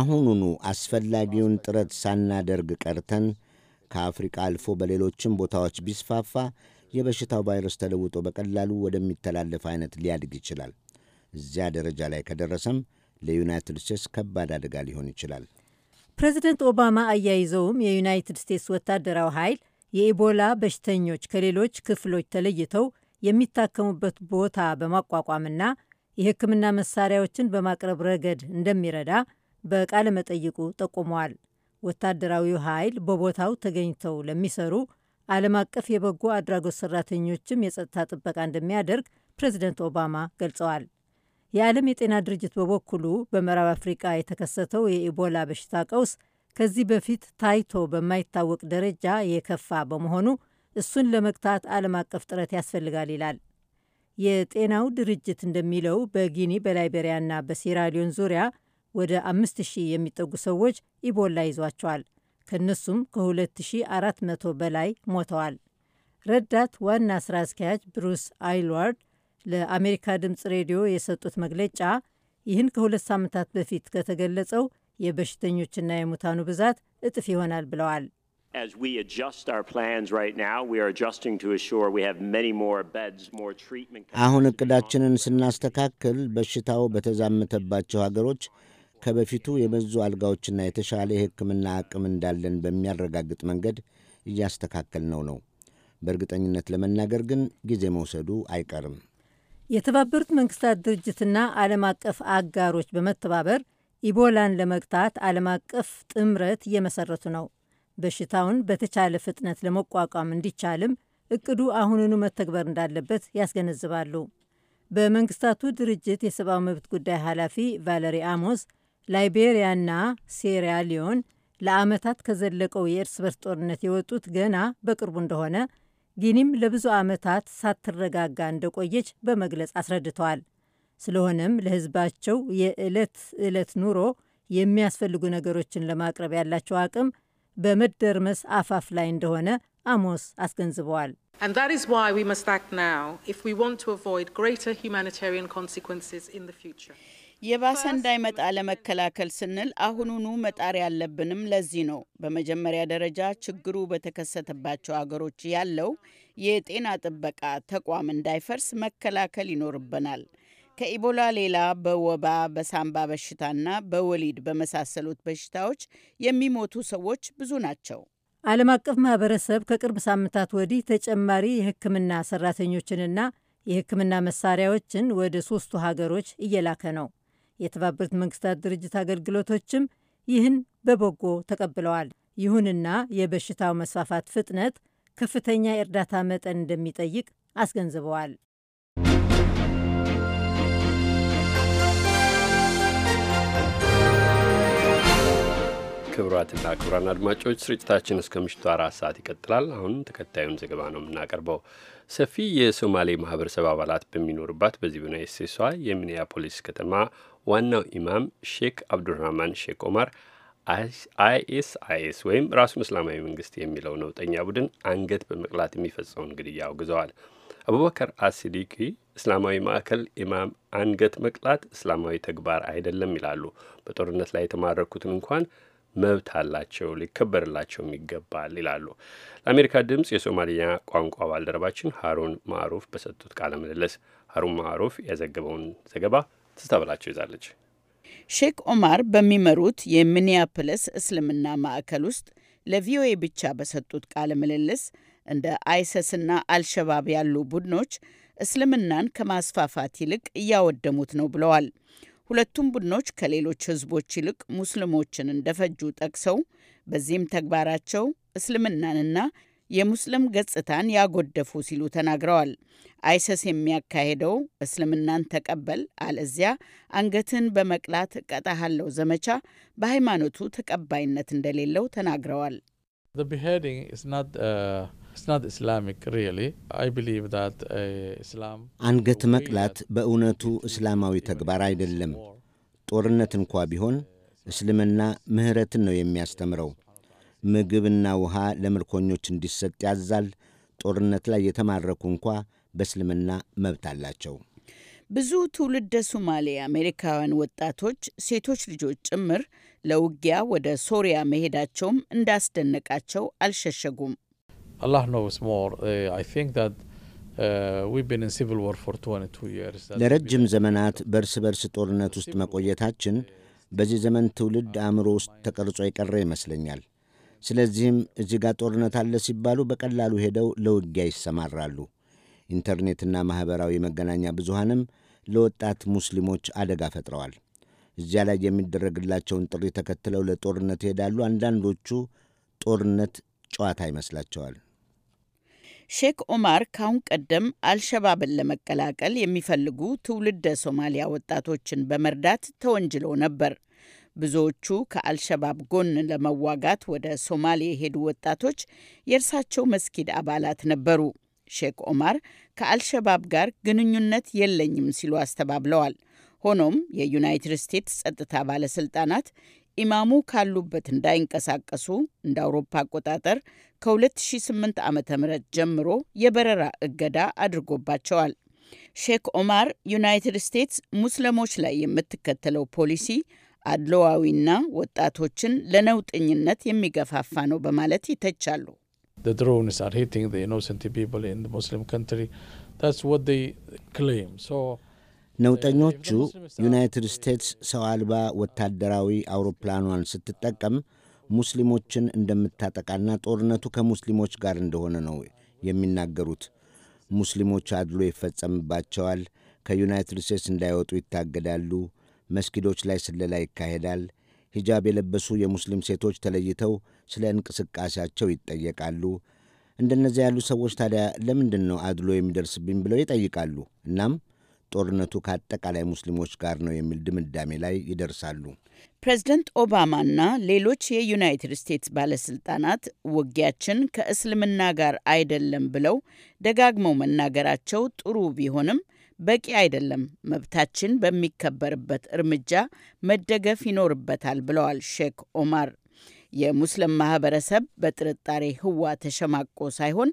አሁኑኑ አስፈላጊውን ጥረት ሳናደርግ ቀርተን ከአፍሪቃ አልፎ በሌሎችም ቦታዎች ቢስፋፋ የበሽታው ቫይረስ ተለውጦ በቀላሉ ወደሚተላለፍ አይነት ሊያድግ ይችላል። እዚያ ደረጃ ላይ ከደረሰም ለዩናይትድ ስቴትስ ከባድ አደጋ ሊሆን ይችላል። ፕሬዚደንት ኦባማ አያይዘውም የዩናይትድ ስቴትስ ወታደራዊ ኃይል የኢቦላ በሽተኞች ከሌሎች ክፍሎች ተለይተው የሚታከሙበት ቦታ በማቋቋምና የሕክምና መሳሪያዎችን በማቅረብ ረገድ እንደሚረዳ በቃለ መጠይቁ ጠቁመዋል። ወታደራዊው ኃይል በቦታው ተገኝተው ለሚሰሩ ዓለም አቀፍ የበጎ አድራጎት ሰራተኞችም የጸጥታ ጥበቃ እንደሚያደርግ ፕሬዚደንት ኦባማ ገልጸዋል። የዓለም የጤና ድርጅት በበኩሉ በምዕራብ አፍሪቃ የተከሰተው የኢቦላ በሽታ ቀውስ ከዚህ በፊት ታይቶ በማይታወቅ ደረጃ የከፋ በመሆኑ እሱን ለመግታት ዓለም አቀፍ ጥረት ያስፈልጋል ይላል። የጤናው ድርጅት እንደሚለው በጊኒ በላይቤሪያና በሴራሊዮን ዙሪያ ወደ ሺህ የሚጠጉ ሰዎች ኢቦላ ይዟቸዋል። ከእነሱም ከ2400 በላይ ሞተዋል። ረዳት ዋና ስራ አስኪያጅ ብሩስ አይልዋርድ ለአሜሪካ ድምፅ ሬዲዮ የሰጡት መግለጫ ይህን ከሁለት ሳምንታት በፊት ከተገለጸው የበሽተኞችና የሙታኑ ብዛት እጥፍ ይሆናል ብለዋል። As we adjust our plans right now, we are adjusting to assure we have many more beds, more treatment. አሁን እቅዳችንን ስናስተካክል በሽታው በተዛመተባቸው ሀገሮች ከበፊቱ የበዙ አልጋዎችና የተሻለ የሕክምና አቅም እንዳለን በሚያረጋግጥ መንገድ እያስተካከልነው ነው። በእርግጠኝነት ለመናገር ግን ጊዜ መውሰዱ አይቀርም። የተባበሩት መንግስታት ድርጅትና ዓለም አቀፍ አጋሮች በመተባበር ኢቦላን ለመግታት ዓለም አቀፍ ጥምረት እየመሰረቱ ነው። በሽታውን በተቻለ ፍጥነት ለመቋቋም እንዲቻልም እቅዱ አሁኑኑ መተግበር እንዳለበት ያስገነዝባሉ። በመንግስታቱ ድርጅት የሰብአዊ መብት ጉዳይ ኃላፊ ቫለሪ አሞስ ላይቤሪያና ሊዮን ለአመታት ከዘለቀው የእርስ በርስ ጦርነት የወጡት ገና በቅርቡ እንደሆነ፣ ጊኒም ለብዙ ዓመታት ሳትረጋጋ እንደቆየች በመግለጽ አስረድተዋል። ስለሆነም ለሕዝባቸው የዕለት ዕለት ኑሮ የሚያስፈልጉ ነገሮችን ለማቅረብ ያላቸው አቅም በመደርመስ አፋፍ ላይ እንደሆነ አሞስ አስገንዝበዋል። የባሰ እንዳይመጣ ለመከላከል ስንል አሁኑኑ መጣር ያለብንም ለዚህ ነው። በመጀመሪያ ደረጃ ችግሩ በተከሰተባቸው አገሮች ያለው የጤና ጥበቃ ተቋም እንዳይፈርስ መከላከል ይኖርብናል። ከኢቦላ ሌላ በወባ በሳምባ በሽታና በወሊድ በመሳሰሉት በሽታዎች የሚሞቱ ሰዎች ብዙ ናቸው። ዓለም አቀፍ ማህበረሰብ ከቅርብ ሳምንታት ወዲህ ተጨማሪ የሕክምና ሰራተኞችንና የሕክምና መሳሪያዎችን ወደ ሶስቱ ሀገሮች እየላከ ነው። የተባበሩት መንግስታት ድርጅት አገልግሎቶችም ይህን በበጎ ተቀብለዋል። ይሁንና የበሽታው መስፋፋት ፍጥነት ከፍተኛ የእርዳታ መጠን እንደሚጠይቅ አስገንዝበዋል። ክቡራትና ክቡራን አድማጮች ስርጭታችን እስከ ምሽቱ አራት ሰዓት ይቀጥላል። አሁን ተከታዩን ዘገባ ነው የምናቀርበው። ሰፊ የሶማሌ ማህበረሰብ አባላት በሚኖሩባት በዚህ ዩናይት ስቴትሷ የሚኒያፖሊስ ከተማ ዋናው ኢማም ሼክ አብዱራህማን ሼክ ኦማር አይኤስአይኤስ ወይም ራሱን እስላማዊ መንግስት የሚለው ነውጠኛ ቡድን አንገት በመቅላት የሚፈጸውን ግድያ አውግዘዋል። አቡበከር አሲዲቂ እስላማዊ ማዕከል ኢማም አንገት መቅላት እስላማዊ ተግባር አይደለም ይላሉ። በጦርነት ላይ የተማረኩትን እንኳን መብት አላቸው፣ ሊከበርላቸውም ይገባል ይላሉ። ለአሜሪካ ድምፅ የሶማሊኛ ቋንቋ ባልደረባችን ሀሩን ማዕሩፍ በሰጡት ቃለ ምልልስ ሀሩን ማዕሩፍ ያዘገበውን ዘገባ ትስታበላቸው ይዛለች። ሼክ ኦማር በሚመሩት የሚኒያፕለስ እስልምና ማዕከል ውስጥ ለቪኦኤ ብቻ በሰጡት ቃለ ምልልስ እንደ አይሰስና አልሸባብ ያሉ ቡድኖች እስልምናን ከማስፋፋት ይልቅ እያወደሙት ነው ብለዋል። ሁለቱም ቡድኖች ከሌሎች ህዝቦች ይልቅ ሙስልሞችን እንደፈጁ ጠቅሰው በዚህም ተግባራቸው እስልምናንና የሙስልም ገጽታን ያጎደፉ ሲሉ ተናግረዋል። አይሰስ የሚያካሄደው እስልምናን ተቀበል አለዚያ አንገትን በመቅላት እቀጣሃለው ዘመቻ በሃይማኖቱ ተቀባይነት እንደሌለው ተናግረዋል። Eh, አንገት መቅላት በእውነቱ እስላማዊ ተግባር አይደለም። ጦርነት እንኳ ቢሆን eh, እስልምና ምሕረትን ነው የሚያስተምረው። ምግብና ውሃ ለምርኮኞች እንዲሰጥ ያዛል። ጦርነት ላይ የተማረኩ እንኳ በእስልምና መብት አላቸው። ብዙ ትውልደ ሱማሌ አሜሪካውያን ወጣቶች ሴቶች ልጆች ጭምር ለውጊያ ወደ ሶሪያ መሄዳቸውም እንዳስደነቃቸው አልሸሸጉም። ለረጅም ዘመናት በእርስ በርስ ጦርነት ውስጥ መቆየታችን በዚህ ዘመን ትውልድ አእምሮ ውስጥ ተቀርጾ የቀረ ይመስለኛል። ስለዚህም እዚህ ጋር ጦርነት አለ ሲባሉ በቀላሉ ሄደው ለውጊያ ይሰማራሉ። ኢንተርኔትና ማኅበራዊ መገናኛ ብዙሃንም ለወጣት ሙስሊሞች አደጋ ፈጥረዋል። እዚያ ላይ የሚደረግላቸውን ጥሪ ተከትለው ለጦርነት ይሄዳሉ። አንዳንዶቹ ጦርነት ጨዋታ ይመስላቸዋል። ሼክ ኦማር ካሁን ቀደም አልሸባብን ለመቀላቀል የሚፈልጉ ትውልደ ሶማሊያ ወጣቶችን በመርዳት ተወንጅለው ነበር። ብዙዎቹ ከአልሸባብ ጎን ለመዋጋት ወደ ሶማሌ የሄዱ ወጣቶች የእርሳቸው መስጊድ አባላት ነበሩ። ሼክ ኦማር ከአልሸባብ ጋር ግንኙነት የለኝም ሲሉ አስተባብለዋል። ሆኖም የዩናይትድ ስቴትስ ጸጥታ ባለስልጣናት ኢማሙ ካሉበት እንዳይንቀሳቀሱ እንደ አውሮፓ አቆጣጠር ከ2008 ዓ ም ጀምሮ የበረራ እገዳ አድርጎባቸዋል። ሼክ ኦማር ዩናይትድ ስቴትስ ሙስሊሞች ላይ የምትከተለው ፖሊሲ አድለዋዊና ወጣቶችን ለነውጠኝነት የሚገፋፋ ነው በማለት ይተቻሉ። ድሮንስ አር ሂቲንግ ኢኖሰንት ፒፕል ኢን ሙስሊም ካንትሪ ታትስ ዋት ክሌም ሶ ነውጠኞቹ ዩናይትድ ስቴትስ ሰው አልባ ወታደራዊ አውሮፕላኗን ስትጠቀም ሙስሊሞችን እንደምታጠቃና ጦርነቱ ከሙስሊሞች ጋር እንደሆነ ነው የሚናገሩት። ሙስሊሞች አድሎ ይፈጸምባቸዋል፣ ከዩናይትድ ስቴትስ እንዳይወጡ ይታገዳሉ፣ መስጊዶች ላይ ስለላ ይካሄዳል፣ ሂጃብ የለበሱ የሙስሊም ሴቶች ተለይተው ስለ እንቅስቃሴያቸው ይጠየቃሉ። እንደነዚያ ያሉ ሰዎች ታዲያ ለምንድን ነው አድሎ የሚደርስብኝ ብለው ይጠይቃሉ። እናም ጦርነቱ ከአጠቃላይ ሙስሊሞች ጋር ነው የሚል ድምዳሜ ላይ ይደርሳሉ። ፕሬዝደንት ኦባማና ሌሎች የዩናይትድ ስቴትስ ባለስልጣናት ውጊያችን ከእስልምና ጋር አይደለም ብለው ደጋግመው መናገራቸው ጥሩ ቢሆንም በቂ አይደለም፣ መብታችን በሚከበርበት እርምጃ መደገፍ ይኖርበታል ብለዋል ሼክ ኦማር። የሙስሊም ማህበረሰብ በጥርጣሬ ህዋ ተሸማቆ ሳይሆን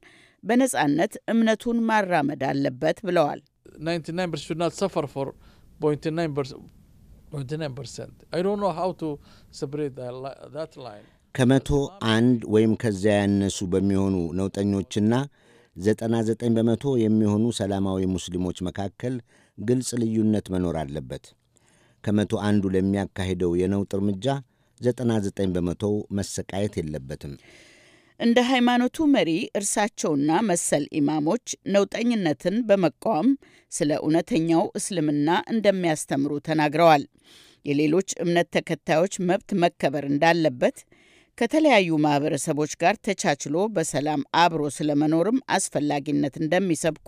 በነጻነት እምነቱን ማራመድ አለበት ብለዋል። 99 should not suffer for 0.9%. I don't know how to separate that line. ከመቶ አንድ ወይም ከዚያ ያነሱ በሚሆኑ ነውጠኞችና 99 በመቶ የሚሆኑ ሰላማዊ ሙስሊሞች መካከል ግልጽ ልዩነት መኖር አለበት። ከመቶ አንዱ ለሚያካሂደው የነውጥ እርምጃ 99 በመቶው መሰቃየት የለበትም። እንደ ሃይማኖቱ መሪ እርሳቸውና መሰል ኢማሞች ነውጠኝነትን በመቃወም ስለ እውነተኛው እስልምና እንደሚያስተምሩ ተናግረዋል። የሌሎች እምነት ተከታዮች መብት መከበር እንዳለበት፣ ከተለያዩ ማህበረሰቦች ጋር ተቻችሎ በሰላም አብሮ ስለመኖርም አስፈላጊነት እንደሚሰብኩ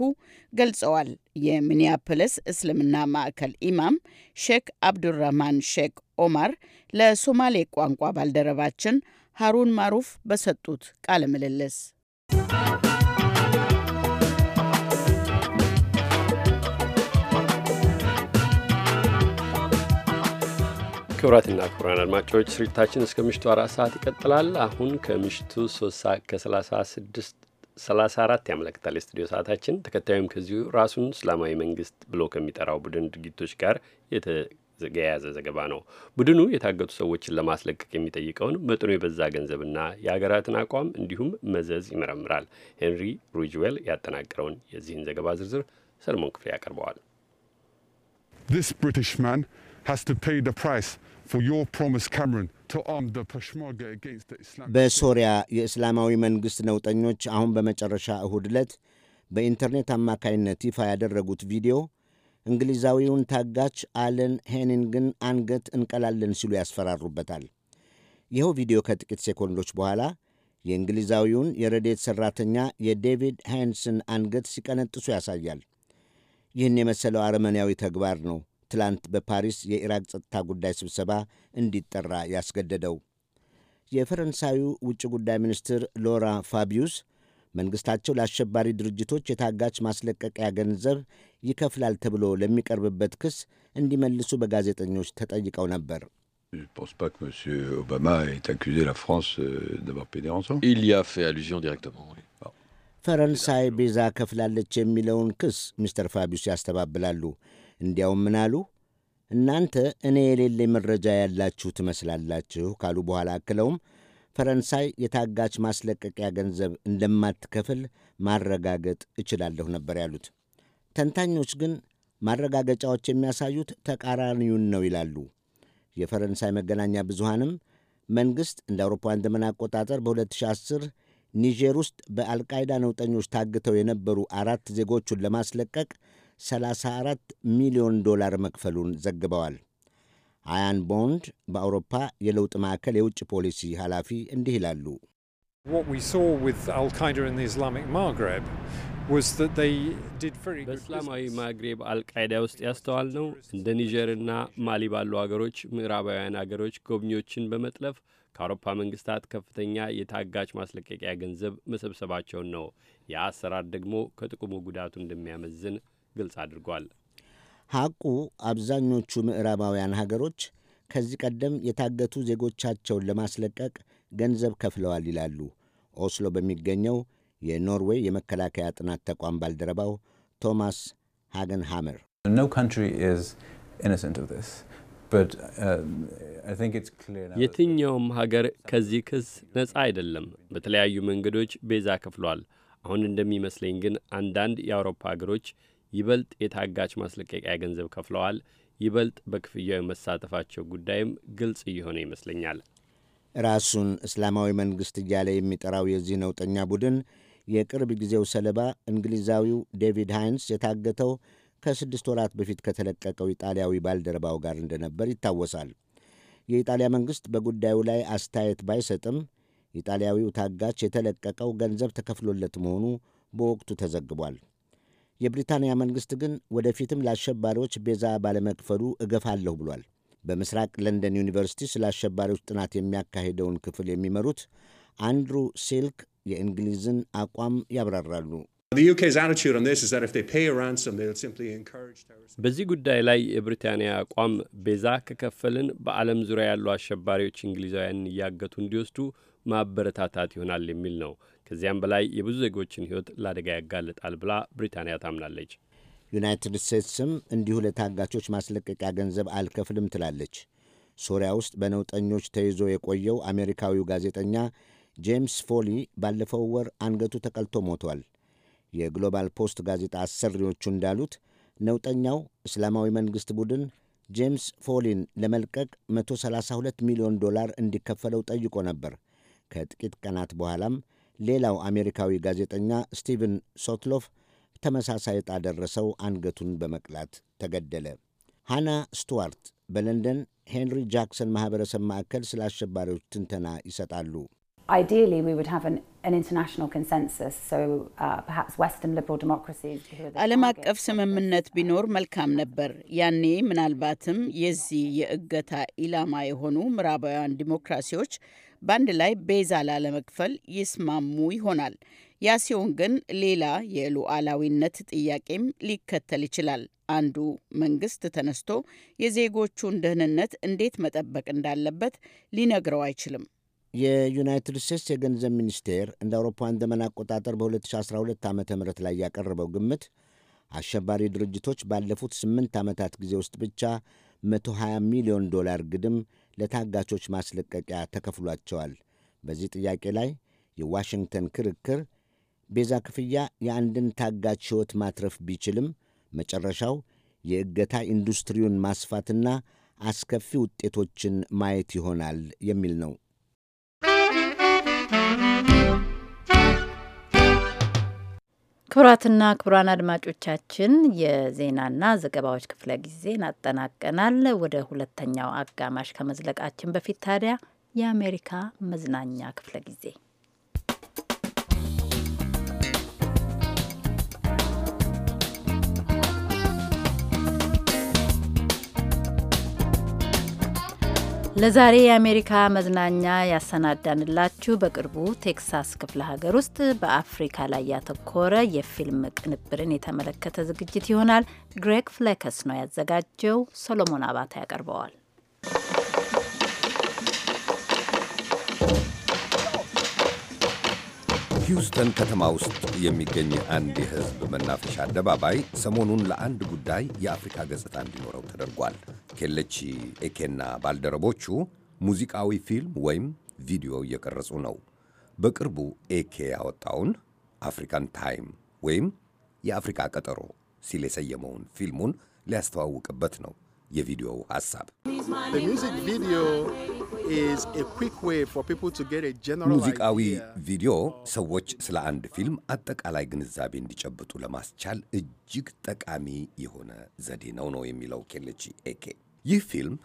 ገልጸዋል። የሚኒያፖሊስ እስልምና ማዕከል ኢማም ሼክ አብዱራህማን ሼክ ኦማር ለሶማሌ ቋንቋ ባልደረባችን ሀሩን ማሩፍ በሰጡት ቃለ ምልልስ ክቡራትና ክቡራን አድማጮች ስርጭታችን እስከ ምሽቱ አራት ሰዓት ይቀጥላል። አሁን ከምሽቱ ሶስት ሰዓት ከሰላሳ ስድስት ሰላሳ አራት ያመለክታል የስቱዲዮ ሰዓታችን። ተከታዩም ከዚሁ ራሱን እስላማዊ መንግስት ብሎ ከሚጠራው ቡድን ድርጊቶች ጋር የያዘ ዘገባ ነው። ቡድኑ የታገቱ ሰዎችን ለማስለቀቅ የሚጠይቀውን መጠኑ የበዛ ገንዘብና የሀገራትን አቋም እንዲሁም መዘዝ ይመረምራል። ሄንሪ ሩጅዌል ያጠናቀረውን የዚህን ዘገባ ዝርዝር ሰለሞን ክፍሌ ያቀርበዋል። This British man has to pay the price for your promise, Cameron, to arm the Peshmerga against the በሶሪያ የእስላማዊ መንግሥት ነውጠኞች አሁን በመጨረሻ እሁድ ዕለት በኢንተርኔት አማካይነት ይፋ ያደረጉት ቪዲዮ እንግሊዛዊውን ታጋች አለን ሄኒንግን አንገት እንቀላለን ሲሉ ያስፈራሩበታል። ይኸው ቪዲዮ ከጥቂት ሴኮንዶች በኋላ የእንግሊዛዊውን የረዴት ሠራተኛ የዴቪድ ሃይንስን አንገት ሲቀነጥሱ ያሳያል። ይህን የመሰለው አረመኔያዊ ተግባር ነው ትላንት በፓሪስ የኢራቅ ጸጥታ ጉዳይ ስብሰባ እንዲጠራ ያስገደደው። የፈረንሳዩ ውጭ ጉዳይ ሚኒስትር ሎራ ፋቢዩስ መንግሥታቸው ለአሸባሪ ድርጅቶች የታጋች ማስለቀቂያ ገንዘብ ይከፍላል ተብሎ ለሚቀርብበት ክስ እንዲመልሱ በጋዜጠኞች ተጠይቀው ነበር። euh, ah. ፈረንሳይ ቤዛ ከፍላለች የሚለውን ክስ ሚስተር ፋቢዩስ ያስተባብላሉ። እንዲያውም ምናሉ እናንተ እኔ የሌለ መረጃ ያላችሁ ትመስላላችሁ ካሉ በኋላ አክለውም ፈረንሳይ የታጋች ማስለቀቂያ ገንዘብ እንደማትከፍል ማረጋገጥ እችላለሁ ነበር ያሉት። ተንታኞች ግን ማረጋገጫዎች የሚያሳዩት ተቃራኒውን ነው ይላሉ። የፈረንሳይ መገናኛ ብዙሃንም መንግሥት እንደ አውሮፓውያን ዘመን አቆጣጠር በ2010 ኒጀር ውስጥ በአልቃይዳ ነውጠኞች ታግተው የነበሩ አራት ዜጎቹን ለማስለቀቅ 34 ሚሊዮን ዶላር መክፈሉን ዘግበዋል። አያን ቦንድ በአውሮፓ የለውጥ ማዕከል የውጭ ፖሊሲ ኃላፊ እንዲህ ይላሉ። በእስላማዊ ማግሬብ አልቃይዳ ውስጥ ያስተዋል ነው እንደ ኒጀርና ማሊ ባሉ አገሮች ምዕራባውያን አገሮች ጎብኚዎችን በመጥለፍ ከአውሮፓ መንግስታት ከፍተኛ የታጋች ማስለቀቂያ ገንዘብ መሰብሰባቸውን ነው። ያ አሰራር ደግሞ ከጥቅሙ ጉዳቱ እንደሚያመዝን ግልጽ አድርጓል። ሐቁ አብዛኞቹ ምዕራባውያን ሀገሮች ከዚህ ቀደም የታገቱ ዜጎቻቸውን ለማስለቀቅ ገንዘብ ከፍለዋል ይላሉ ኦስሎ በሚገኘው የኖርዌይ የመከላከያ ጥናት ተቋም ባልደረባው ቶማስ ሃገን ሃመር። uh, የትኛውም ሀገር ከዚህ ክስ ነጻ አይደለም። በተለያዩ መንገዶች ቤዛ ከፍሏል። አሁን እንደሚመስለኝ ግን አንዳንድ የአውሮፓ ሀገሮች ይበልጥ የታጋች ማስለቀቂያ ገንዘብ ከፍለዋል። ይበልጥ በክፍያው የመሳተፋቸው ጉዳይም ግልጽ እየሆነ ይመስለኛል። ራሱን እስላማዊ መንግሥት እያለ የሚጠራው የዚህ ነውጠኛ ቡድን የቅርብ ጊዜው ሰለባ እንግሊዛዊው ዴቪድ ሃይንስ የታገተው ከስድስት ወራት በፊት ከተለቀቀው ኢጣሊያዊ ባልደረባው ጋር እንደነበር ይታወሳል። የኢጣሊያ መንግሥት በጉዳዩ ላይ አስተያየት ባይሰጥም ኢጣሊያዊው ታጋች የተለቀቀው ገንዘብ ተከፍሎለት መሆኑ በወቅቱ ተዘግቧል። የብሪታንያ መንግሥት ግን ወደፊትም ለአሸባሪዎች ቤዛ ባለመክፈሉ እገፋለሁ ብሏል። በምስራቅ ለንደን ዩኒቨርሲቲ ስለ አሸባሪዎች ጥናት የሚያካሂደውን ክፍል የሚመሩት አንድሩ ሲልክ የእንግሊዝን አቋም ያብራራሉ። በዚህ ጉዳይ ላይ የብሪታንያ አቋም ቤዛ ከከፈልን በዓለም ዙሪያ ያሉ አሸባሪዎች እንግሊዛውያንን እያገቱ እንዲወስዱ ማበረታታት ይሆናል የሚል ነው። ከዚያም በላይ የብዙ ዜጎችን ሕይወት ለአደጋ ያጋልጣል ብላ ብሪታንያ ታምናለች። ዩናይትድ ስቴትስም እንዲሁ ለታጋቾች ማስለቀቂያ ገንዘብ አልከፍልም ትላለች። ሶሪያ ውስጥ በነውጠኞች ተይዞ የቆየው አሜሪካዊው ጋዜጠኛ ጄምስ ፎሊ ባለፈው ወር አንገቱ ተቀልቶ ሞቷል። የግሎባል ፖስት ጋዜጣ አሰሪዎቹ እንዳሉት ነውጠኛው እስላማዊ መንግሥት ቡድን ጄምስ ፎሊን ለመልቀቅ 132 ሚሊዮን ዶላር እንዲከፈለው ጠይቆ ነበር። ከጥቂት ቀናት በኋላም ሌላው አሜሪካዊ ጋዜጠኛ ስቲቨን ሶትሎፍ ተመሳሳይ ዕጣ ደረሰው፣ አንገቱን በመቅላት ተገደለ። ሃና ስቱዋርት በለንደን ሄንሪ ጃክሰን ማኅበረሰብ ማዕከል ስለ አሸባሪዎች ትንተና ይሰጣሉ። uh, ዓለም አቀፍ ስምምነት ቢኖር መልካም ነበር። ያኔ ምናልባትም የዚህ የእገታ ኢላማ የሆኑ ምዕራባውያን ዲሞክራሲዎች በአንድ ላይ ቤዛ ላለመክፈል ይስማሙ ይሆናል። ያ ሲሆን ግን ሌላ የሉዓላዊነት ጥያቄም ሊከተል ይችላል። አንዱ መንግስት ተነስቶ የዜጎቹን ደህንነት እንዴት መጠበቅ እንዳለበት ሊነግረው አይችልም። የዩናይትድ ስቴትስ የገንዘብ ሚኒስቴር እንደ አውሮፓውያን ዘመን አቆጣጠር በ2012 ዓ ም ላይ ያቀረበው ግምት አሸባሪ ድርጅቶች ባለፉት 8 ዓመታት ጊዜ ውስጥ ብቻ 120 ሚሊዮን ዶላር ግድም ለታጋቾች ማስለቀቂያ ተከፍሏቸዋል። በዚህ ጥያቄ ላይ የዋሽንግተን ክርክር ቤዛ ክፍያ የአንድን ታጋች ሕይወት ማትረፍ ቢችልም መጨረሻው የእገታ ኢንዱስትሪውን ማስፋትና አስከፊ ውጤቶችን ማየት ይሆናል የሚል ነው። ክቡራትና ክቡራን አድማጮቻችን የዜናና ዘገባዎች ክፍለ ጊዜን አጠናቀናል። ወደ ሁለተኛው አጋማሽ ከመዝለቃችን በፊት ታዲያ የአሜሪካ መዝናኛ ክፍለ ጊዜ ለዛሬ የአሜሪካ መዝናኛ ያሰናዳንላችሁ በቅርቡ ቴክሳስ ክፍለ ሀገር ውስጥ በአፍሪካ ላይ ያተኮረ የፊልም ቅንብርን የተመለከተ ዝግጅት ይሆናል። ግሬግ ፍለከስ ነው ያዘጋጀው። ሰሎሞን አባታ ያቀርበዋል። ሂውስተን ከተማ ውስጥ የሚገኝ አንድ የሕዝብ መናፈሻ አደባባይ ሰሞኑን ለአንድ ጉዳይ የአፍሪካ ገጽታ እንዲኖረው ተደርጓል። ኬለቺ ኤኬና ባልደረቦቹ ሙዚቃዊ ፊልም ወይም ቪዲዮ እየቀረጹ ነው። በቅርቡ ኤኬ ያወጣውን አፍሪካን ታይም ወይም የአፍሪካ ቀጠሮ ሲል የሰየመውን ፊልሙን ሊያስተዋውቅበት ነው። የቪዲዮው ሐሳብ። ሙዚቃዊ ቪዲዮ ሰዎች ስለ አንድ ፊልም አጠቃላይ ግንዛቤ እንዲጨብጡ ለማስቻል እጅግ ጠቃሚ የሆነ ዘዴ ነው ነው የሚለው ኬለቺ ኤኬ። ይህ ፊልም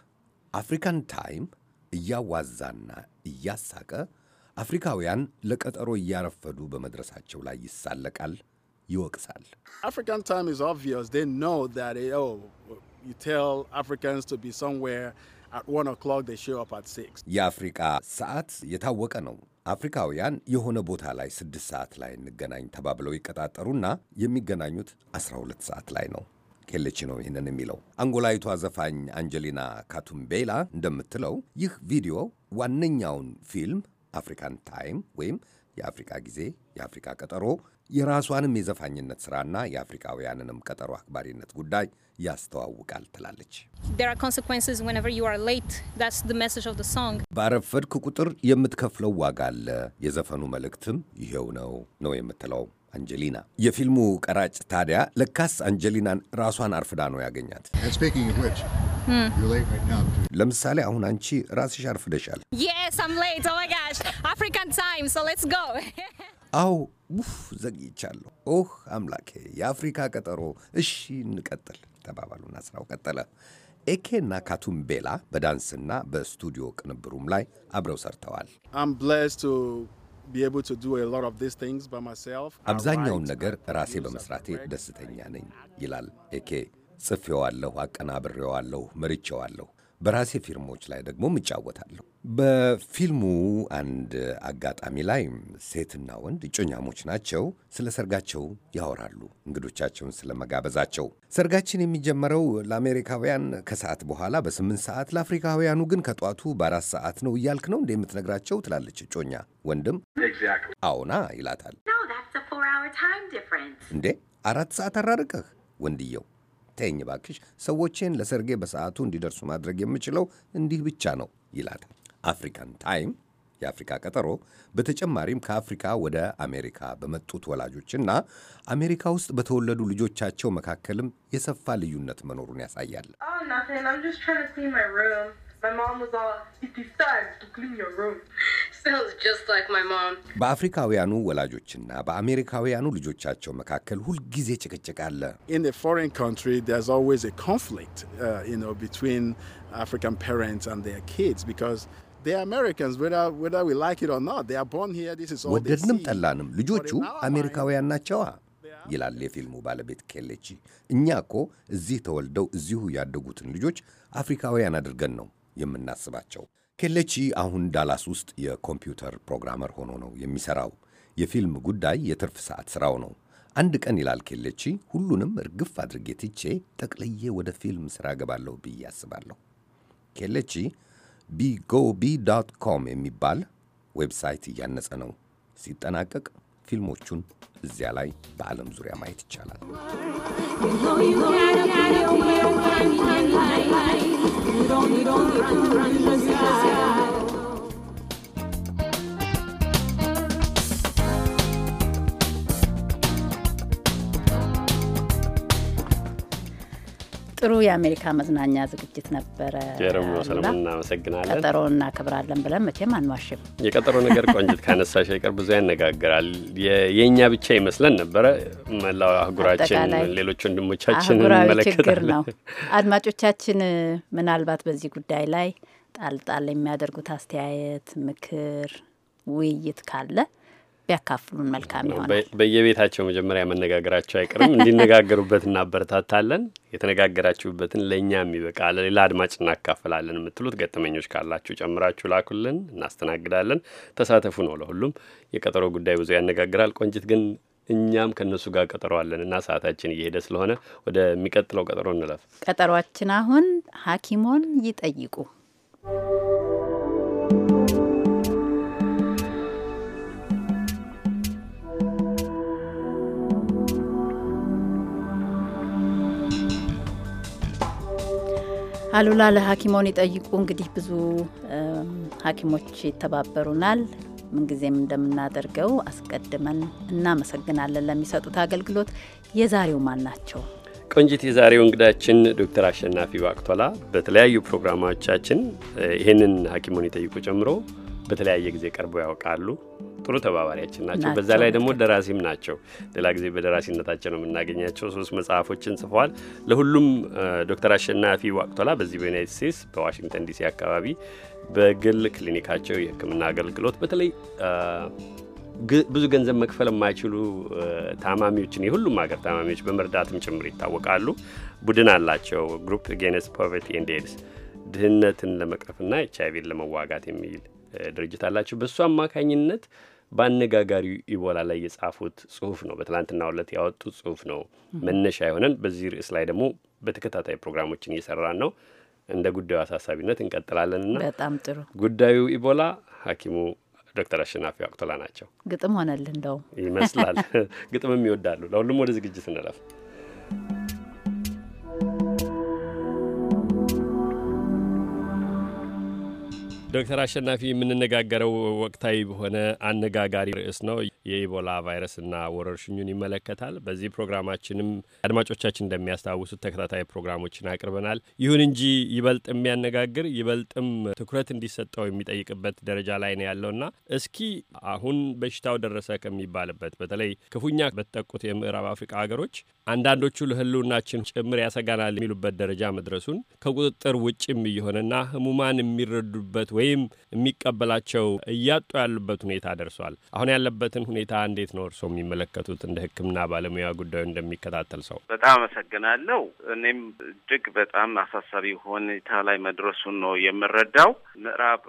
አፍሪካን ታይም እያዋዛና እያሳቀ አፍሪካውያን ለቀጠሮ እያረፈዱ በመድረሳቸው ላይ ይሳለቃል፣ ይወቅሳል። አፍሪካን ታይም you tell Africans to be somewhere at one o'clock, they show up at six. የአፍሪቃ ሰዓት የታወቀ ነው። አፍሪካውያን የሆነ ቦታ ላይ ስድስት ሰዓት ላይ እንገናኝ ተባብለው ይቀጣጠሩና የሚገናኙት 12 ሰዓት ላይ ነው። ኬሌቺ ነው ይህንን የሚለው። አንጎላዊቷ ዘፋኝ አንጀሊና ካቱምቤላ እንደምትለው ይህ ቪዲዮ ዋነኛውን ፊልም አፍሪካን ታይም ወይም የአፍሪካ ጊዜ የአፍሪካ ቀጠሮ የራሷንም የዘፋኝነት ስራና የአፍሪካውያንንም ቀጠሮ አክባሪነት ጉዳይ ያስተዋውቃል ትላለች። ባረፈድክ ቁጥር የምትከፍለው ዋጋ አለ፣ የዘፈኑ መልእክትም ይሄው ነው ነው የምትለው አንጀሊና። የፊልሙ ቀራጭ ታዲያ ለካስ አንጀሊናን ራሷን አርፍዳ ነው ያገኛት። hmm. ለምሳሌ አሁን አንቺ ራስሽ አርፍደሻል። (laughs) አው ውፍ ዘግይቻለሁ። ኦህ አምላኬ የአፍሪካ ቀጠሮ፣ እሺ እንቀጥል ተባባሉና ስራው ቀጠለ። ኤኬና ቤላ በዳንስና በስቱዲዮ ቅንብሩም ላይ አብረው ሰርተዋል። አብዛኛውን ነገር ራሴ በመስራቴ ደስተኛ ነኝ ይላል ኤኬ። ጽፌዋለሁ፣ አቀናብሬዋለሁ፣ መርቼዋለሁ። በራሴ ፊልሞች ላይ ደግሞ እጫወታለሁ። በፊልሙ አንድ አጋጣሚ ላይ ሴትና ወንድ እጮኛሞች ናቸው። ስለ ሰርጋቸው ያወራሉ፣ እንግዶቻቸውን ስለመጋበዛቸው። ሰርጋችን የሚጀመረው ለአሜሪካውያን ከሰዓት በኋላ በስምንት ሰዓት ለአፍሪካውያኑ ግን ከጧቱ በአራት ሰዓት ነው እያልክ ነው እንደ የምትነግራቸው ትላለች እጮኛ። ወንድም አዎና ይላታል። እንዴ አራት ሰዓት አራርቀህ ወንድየው ተኝ ባክሽ፣ ሰዎቼን ለሰርጌ በሰዓቱ እንዲደርሱ ማድረግ የምችለው እንዲህ ብቻ ነው ይላል። አፍሪካን ታይም የአፍሪካ ቀጠሮ በተጨማሪም ከአፍሪካ ወደ አሜሪካ በመጡት ወላጆችና አሜሪካ ውስጥ በተወለዱ ልጆቻቸው መካከልም የሰፋ ልዩነት መኖሩን ያሳያል። oh, (laughs) በአፍሪካውያኑ ወላጆችና በአሜሪካውያኑ ልጆቻቸው መካከል ሁልጊዜ ጭቅጭቅ አለ። ወደድንም ጠላንም ልጆቹ አሜሪካውያን ናቸዋ ይላል የፊልሙ ባለቤት ኬሌቺ። እኛ እኮ እዚህ ተወልደው እዚሁ ያደጉትን ልጆች አፍሪካውያን አድርገን ነው የምናስባቸው። ኬሌቺ አሁን ዳላስ ውስጥ የኮምፒውተር ፕሮግራመር ሆኖ ነው የሚሰራው። የፊልም ጉዳይ የትርፍ ሰዓት ስራው ነው። አንድ ቀን ይላል ኬሌቺ፣ ሁሉንም እርግፍ አድርጌ ትቼ ጠቅልዬ ወደ ፊልም ስራ ገባለሁ ብዬ አስባለሁ። ኬሌቺ ቢጎቢ ዶት ኮም የሚባል ዌብሳይት እያነጸ ነው። ሲጠናቀቅ ፊልሞቹን እዚያ ላይ በዓለም ዙሪያ ማየት ይቻላል። We don't need to run ጥሩ የአሜሪካ መዝናኛ ዝግጅት ነበረ። ጀሮም ሰለሞን እናመሰግናለን። ቀጠሮ እናከብራለን ብለን መቼም አንዋሽም። የቀጠሮ ነገር (laughs) ቆንጅት ካነሳሽ አይቀር ብዙ ያነጋግራል። የእኛ ብቻ ይመስለን ነበረ። መላው አህጉራችን፣ ሌሎች ወንድሞቻችን ችግር ነው። (laughs) አድማጮቻችን ምናልባት በዚህ ጉዳይ ላይ ጣልጣል የሚያደርጉት አስተያየት፣ ምክር፣ ውይይት ካለ ቢያካፍሉን መልካም ይሆናል። በየቤታቸው መጀመሪያ መነጋገራቸው አይቀርም። እንዲነጋገሩበት እናበረታታለን። የተነጋገራችሁበትን ለእኛ የሚበቃ ለሌላ አድማጭ እናካፈላለን የምትሉት ገጠመኞች ካላችሁ ጨምራችሁ ላኩልን፣ እናስተናግዳለን። ተሳተፉ ነው ለሁሉም። የቀጠሮ ጉዳይ ብዙ ያነጋግራል። ቆንጅት ግን እኛም ከእነሱ ጋር ቀጠሮ አለን እና ሰዓታችን እየሄደ ስለሆነ ወደሚቀጥለው ቀጠሮ እንለፍ። ቀጠሯችን አሁን ሐኪሞን ይጠይቁ አሉላ ለሐኪሞን ይጠይቁ እንግዲህ ብዙ ሐኪሞች ይተባበሩናል። ምንጊዜም እንደምናደርገው አስቀድመን እናመሰግናለን ለሚሰጡት አገልግሎት። የዛሬው ማን ናቸው? ቆንጂት፣ የዛሬው እንግዳችን ዶክተር አሸናፊ ዋቅቶላ በተለያዩ ፕሮግራሞቻችን ይህንን ሐኪሞን ይጠይቁ ጨምሮ በተለያየ ጊዜ ቀርበው ያውቃሉ። ጥሩ ተባባሪያችን ናቸው። በዛ ላይ ደግሞ ደራሲም ናቸው። ሌላ ጊዜ በደራሲነታቸው ነው የምናገኛቸው። ሶስት መጽሐፎችን ጽፈዋል። ለሁሉም ዶክተር አሸናፊ ዋቅቶላ በዚህ በዩናይት ስቴትስ በዋሽንግተን ዲሲ አካባቢ በግል ክሊኒካቸው የሕክምና አገልግሎት በተለይ ብዙ ገንዘብ መክፈል የማይችሉ ታማሚዎችን የሁሉም ሀገር ታማሚዎች በመርዳትም ጭምር ይታወቃሉ። ቡድን አላቸው ግሩፕ ጌነስ ፖቨርቲ ኤንድ ኤድስ ድህነትን ለመቅረፍና ኤች አይቪን ለመዋጋት የሚል ድርጅት አላቸው። በእሱ አማካኝነት በአነጋጋሪው ኢቦላ ላይ የጻፉት ጽሁፍ ነው። በትላንትና ዕለት ያወጡት ጽሁፍ ነው መነሻ የሆነን። በዚህ ርዕስ ላይ ደግሞ በተከታታይ ፕሮግራሞችን እየሰራን ነው። እንደ ጉዳዩ አሳሳቢነት እንቀጥላለንና በጣም ጥሩ ጉዳዩ ኢቦላ ሐኪሙ ዶክተር አሸናፊ አቅቶላ ናቸው። ግጥም ሆነልህ እንደውም ይመስላል። (laughs) ግጥምም ይወዳሉ። ለሁሉም ወደ ዝግጅት እንለፍ። ዶክተር አሸናፊ የምንነጋገረው ወቅታዊ በሆነ አነጋጋሪ ርዕስ ነው። የኢቦላ ቫይረስና ወረርሽኙን ይመለከታል። በዚህ ፕሮግራማችንም አድማጮቻችን እንደሚያስታውሱት ተከታታይ ፕሮግራሞችን አቅርበናል። ይሁን እንጂ ይበልጥ የሚያነጋግር ይበልጥም ትኩረት እንዲሰጠው የሚጠይቅበት ደረጃ ላይ ነው ያለውና እስኪ አሁን በሽታው ደረሰ ከሚባልበት በተለይ ክፉኛ በተጠቁት የምዕራብ አፍሪካ ሀገሮች አንዳንዶቹ ለሕልውናችን ጭምር ያሰጋናል የሚሉበት ደረጃ መድረሱን ከቁጥጥር ውጭም እየሆነና ህሙማን የሚረዱበት ወይም የሚቀበላቸው እያጡ ያሉበት ሁኔታ ደርሷል። አሁን ያለበትን ሁኔታ እንዴት ነው እርስዎ የሚመለከቱት? እንደ ሕክምና ባለሙያ ጉዳዩ እንደሚከታተል ሰው በጣም አመሰግናለሁ። እኔም እጅግ በጣም አሳሳቢ ሁኔታ ላይ መድረሱን ነው የምረዳው። ምዕራብ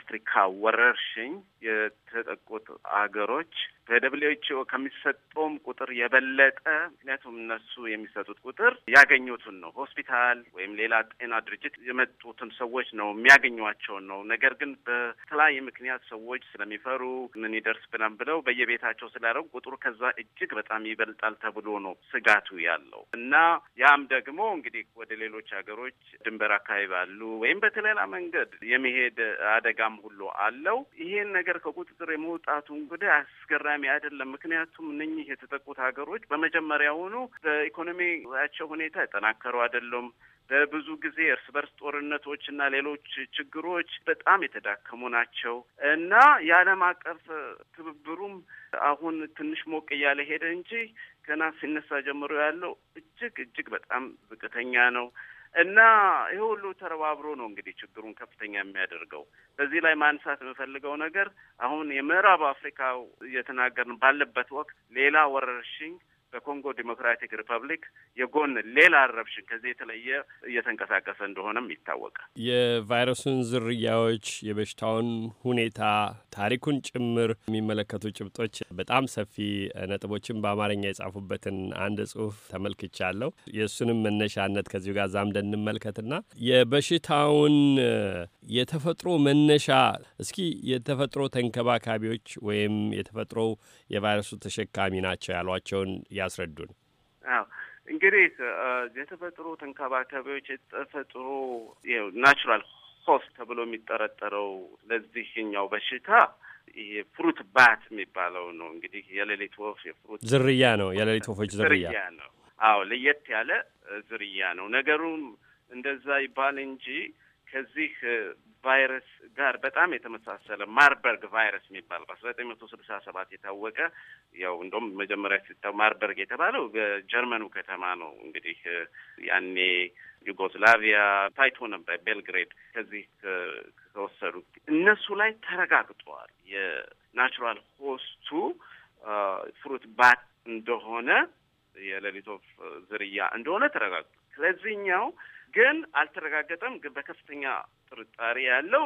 አፍሪካ ወረርሽኝ የተጠቁት አገሮች ከደብሊው ኤች ኦ ከሚሰጠውም ቁጥር የበለጠ ምክንያቱም እነሱ የሚሰጡት ቁጥር ያገኙትን ነው። ሆስፒታል ወይም ሌላ ጤና ድርጅት የመጡትን ሰዎች ነው የሚያገኟቸውን ነው። ነገር ግን በተለያየ ምክንያት ሰዎች ስለሚፈሩ ምን ብለን ብለው በየቤታቸው ስላደረጉ ቁጥሩ ከዛ እጅግ በጣም ይበልጣል ተብሎ ነው ስጋቱ ያለው እና ያም ደግሞ እንግዲህ ወደ ሌሎች ሀገሮች ድንበር አካባቢ ባሉ ወይም በተለላ መንገድ የመሄድ አደጋም ሁሉ አለው ይሄን ነገር ነገር ከቁጥጥር የመውጣቱ እንግዲህ አስገራሚ አይደለም። ምክንያቱም እነኚህ የተጠቁት ሀገሮች በመጀመሪያውኑ በኢኮኖሚያቸው ሁኔታ የጠናከሩ አይደሉም። በብዙ ጊዜ እርስ በርስ ጦርነቶች እና ሌሎች ችግሮች በጣም የተዳከሙ ናቸው እና የዓለም አቀፍ ትብብሩም አሁን ትንሽ ሞቅ እያለ ሄደ እንጂ ገና ሲነሳ ጀምሮ ያለው እጅግ እጅግ በጣም ዝቅተኛ ነው። እና ይህ ሁሉ ተረባብሮ ነው እንግዲህ ችግሩን ከፍተኛ የሚያደርገው። በዚህ ላይ ማንሳት የምፈልገው ነገር አሁን የምዕራብ አፍሪካ እየተናገርን ባለበት ወቅት ሌላ ወረርሽኝ በኮንጎ ዲሞክራቲክ ሪፐብሊክ የጎን ሌላ ረብሽን ከዚህ የተለየ እየተንቀሳቀሰ እንደሆነም ይታወቃል። የቫይረሱን ዝርያዎች፣ የበሽታውን ሁኔታ፣ ታሪኩን ጭምር የሚመለከቱ ጭብጦች በጣም ሰፊ ነጥቦችን በአማርኛ የጻፉበትን አንድ ጽሁፍ ተመልክቻለሁ። የእሱንም መነሻነት ከዚሁ ጋር ዛምደን እንመልከትና የበሽታውን የተፈጥሮ መነሻ እስኪ የተፈጥሮ ተንከባካቢዎች ወይም የተፈጥሮ የቫይረሱ ተሸካሚ ናቸው ያሏቸውን ያስረዱን። አዎ እንግዲህ የተፈጥሮ ተንከባካቢዎች የተፈጥሮ ናቹራል ሆስት ተብሎ የሚጠረጠረው ለዚህኛው በሽታ ይሄ ፍሩት ባት የሚባለው ነው። እንግዲህ የሌሊት ወፍ የፍሩት ዝርያ ነው። የሌሊት ወፎች ዝርያ ነው። አዎ ለየት ያለ ዝርያ ነው። ነገሩም እንደዛ ይባል እንጂ ከዚህ ቫይረስ ጋር በጣም የተመሳሰለ ማርበርግ ቫይረስ የሚባል በአስራ ዘጠኝ መቶ ስልሳ ሰባት የታወቀ ያው እንደውም መጀመሪያ ሲታው ማርበርግ የተባለው በጀርመኑ ከተማ ነው። እንግዲህ ያኔ ዩጎስላቪያ ታይቶ ነበር፣ ቤልግሬድ ከዚህ ከወሰዱ እነሱ ላይ ተረጋግጠዋል። የናቹራል ሆስቱ ፍሩት ባት እንደሆነ የሌሊት ወፍ ዝርያ እንደሆነ ተረጋግጧል። ስለዚህኛው ግን አልተረጋገጠም። ግን በከፍተኛ ጥርጣሬ ያለው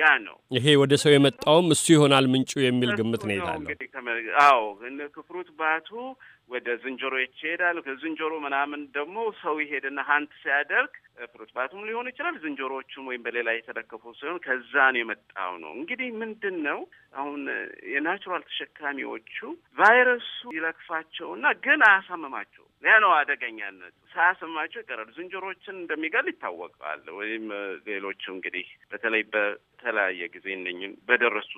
ያ ነው። ይሄ ወደ ሰው የመጣውም እሱ ይሆናል ምንጩ የሚል ግምት ነው ይላለው። አዎ ክፍሩት ባቱ ወደ ዝንጀሮ ይሄዳል። ከዝንጀሮ ምናምን ደግሞ ሰው ይሄድና ሀንት ሲያደርግ ፍሩት ባቱም ሊሆን ይችላል ዝንጀሮዎቹም ወይም በሌላ የተለከፉ ሲሆን ከዛ ነው የመጣው ነው። እንግዲህ ምንድን ነው አሁን የናቹራል ተሸካሚዎቹ ቫይረሱ ይለክፋቸውና ግን አያሳምማቸው ያ ነው አደገኛነት። ሳያስማቸው ይቀራል። ዝንጀሮችን እንደሚገል ይታወቃል። ወይም ሌሎቹ እንግዲህ በተለይ በተለያየ ጊዜ እነኝን በደረሱ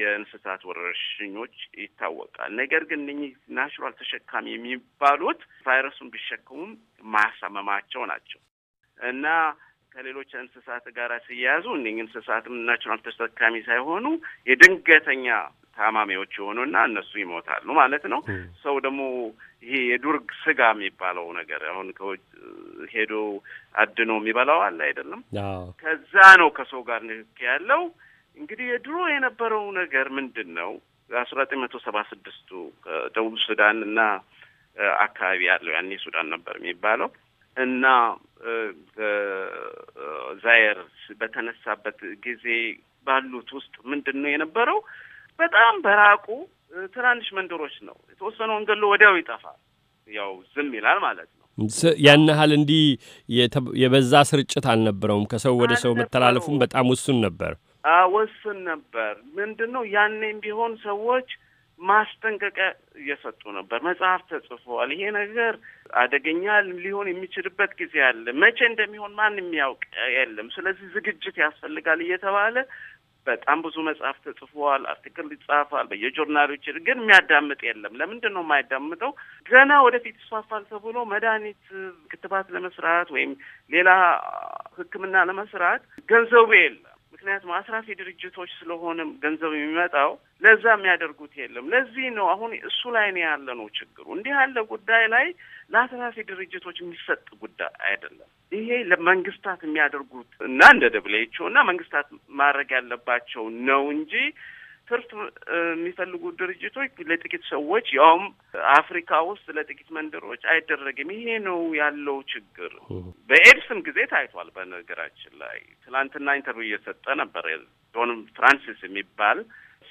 የእንስሳት ወረርሽኞች ይታወቃል። ነገር ግን እነኚህ ናቹራል ተሸካሚ የሚባሉት ቫይረሱን ቢሸከሙም ማያሳመማቸው ናቸው እና ከሌሎች እንስሳት ጋር ሲያያዙ እኒ እንስሳትም ናቹራል ተሸካሚ ሳይሆኑ የድንገተኛ ታማሚዎች የሆኑና እነሱ ይሞታሉ ማለት ነው። ሰው ደግሞ ይሄ የዱር ስጋ የሚባለው ነገር አሁን ሄዶ አድኖ የሚበላው አለ አይደለም። ከዛ ነው ከሰው ጋር ንክክ ያለው። እንግዲህ የድሮ የነበረው ነገር ምንድን ነው? አስራ ዘጠኝ መቶ ሰባ ስድስቱ ደቡብ ሱዳን እና አካባቢ ያለው ያኔ ሱዳን ነበር የሚባለው እና ዛየር በተነሳበት ጊዜ ባሉት ውስጥ ምንድን ነው የነበረው? በጣም በራቁ ትናንሽ መንደሮች ነው የተወሰነ ወንገሎ ወዲያው ይጠፋል። ያው ዝም ይላል ማለት ነው። ያን ያህል እንዲህ የበዛ ስርጭት አልነበረውም። ከሰው ወደ ሰው መተላለፉም በጣም ውሱን ነበር፣ ውስን ነበር። ምንድን ነው ያኔም ቢሆን ሰዎች ማስጠንቀቂያ እየሰጡ ነበር። መጽሐፍ ተጽፏል፣ ይሄ ነገር አደገኛ ሊሆን የሚችልበት ጊዜ አለ፣ መቼ እንደሚሆን ማን የሚያውቅ የለም፣ ስለዚህ ዝግጅት ያስፈልጋል እየተባለ በጣም ብዙ መጽሐፍ ተጽፏል፣ አርቲክል ይጻፋል በየጆርናሎች ግን የሚያዳምጥ የለም። ለምንድን ነው የማያዳምጠው? ገና ወደፊት ይስፋፋል ተብሎ መድኃኒት፣ ክትባት ለመስራት ወይም ሌላ ሕክምና ለመስራት ገንዘቡ የለም። ምክንያቱም አስራፊ ድርጅቶች ስለሆነ ገንዘብ የሚመጣው ለዛ የሚያደርጉት የለም። ለዚህ ነው አሁን እሱ ላይ ነው ያለ ነው ችግሩ። እንዲህ ያለ ጉዳይ ላይ ለአስራፊ ድርጅቶች የሚሰጥ ጉዳይ አይደለም። ይሄ ለመንግስታት የሚያደርጉት እና እንደ ደብሌቾ እና መንግስታት ማድረግ ያለባቸው ነው እንጂ ትርፍ የሚፈልጉ ድርጅቶች ለጥቂት ሰዎች ያውም አፍሪካ ውስጥ ለጥቂት መንደሮች አይደረግም። ይሄ ነው ያለው ችግር። በኤድስም ጊዜ ታይቷል። በነገራችን ላይ ትላንትና ኢንተርቪው እየሰጠ ነበር ጆን ፍራንሲስ የሚባል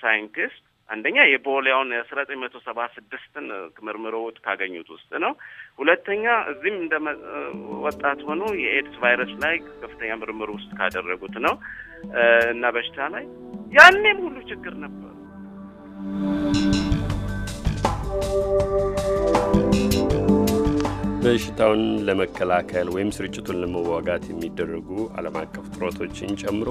ሳይንቲስት አንደኛ የቦሊያውን የአስራ ዘጠኝ መቶ ሰባ ስድስትን ክምርምሮት ካገኙት ውስጥ ነው። ሁለተኛ እዚህም እንደ ወጣት ሆኖ የኤድስ ቫይረስ ላይ ከፍተኛ ምርምር ውስጥ ካደረጉት ነው እና በሽታ ላይ ያኔም ሁሉ ችግር ነበር። በሽታውን ለመከላከል ወይም ስርጭቱን ለመዋጋት የሚደረጉ ዓለም አቀፍ ጥረቶችን ጨምሮ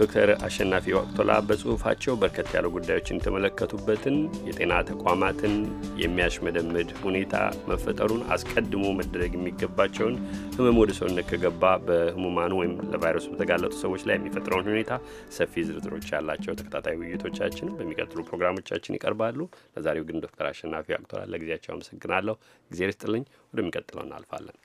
ዶክተር አሸናፊ ወቅቶላ በጽሁፋቸው በርከት ያሉ ጉዳዮችን የተመለከቱበትን የጤና ተቋማትን የሚያሽመደምድ ሁኔታ መፈጠሩን አስቀድሞ መደረግ የሚገባቸውን ህመም ወደ ሰውነት ከገባ በህሙማኑ ወይም ለቫይረሱ በተጋለጡ ሰዎች ላይ የሚፈጥረውን ሁኔታ ሰፊ ዝርዝሮች ያላቸው ተከታታይ ውይይቶቻችን በሚቀጥሉ ፕሮግራሞቻችን ይቀርባሉ። ለዛሬው ግን ዶክተር አሸናፊ ወቅቶላ ለጊዜያቸው አመሰግናለሁ። ጊዜ ርስጥልኝ። ወደሚቀጥለው እናልፋለን።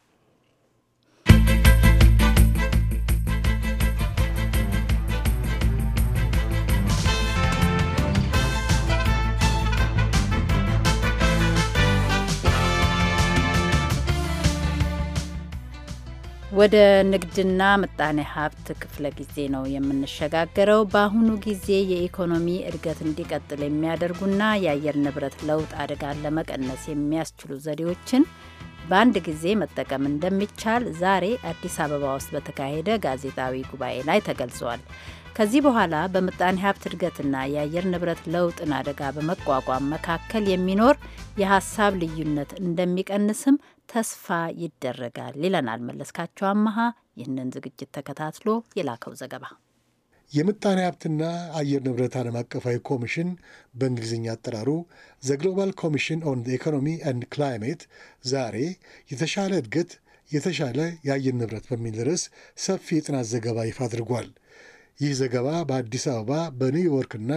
ወደ ንግድና ምጣኔ ሀብት ክፍለ ጊዜ ነው የምንሸጋገረው። በአሁኑ ጊዜ የኢኮኖሚ እድገት እንዲቀጥል የሚያደርጉና የአየር ንብረት ለውጥ አደጋን ለመቀነስ የሚያስችሉ ዘዴዎችን በአንድ ጊዜ መጠቀም እንደሚቻል ዛሬ አዲስ አበባ ውስጥ በተካሄደ ጋዜጣዊ ጉባኤ ላይ ተገልጿል። ከዚህ በኋላ በምጣኔ ሀብት እድገትና የአየር ንብረት ለውጥን አደጋ በመቋቋም መካከል የሚኖር የሀሳብ ልዩነት እንደሚቀንስም ተስፋ ይደረጋል ይለናል መለስካቸው አመሃ። ይህንን ዝግጅት ተከታትሎ የላከው ዘገባ የምጣኔ ሀብትና አየር ንብረት ዓለም አቀፋዊ ኮሚሽን በእንግሊዝኛ አጠራሩ ዘ ግሎባል ኮሚሽን ኦን ኢኮኖሚ አንድ ክላይሜት ዛሬ የተሻለ እድገት የተሻለ የአየር ንብረት በሚል ርዕስ ሰፊ የጥናት ዘገባ ይፋ አድርጓል። ይህ ዘገባ በአዲስ አበባ በኒውዮርክና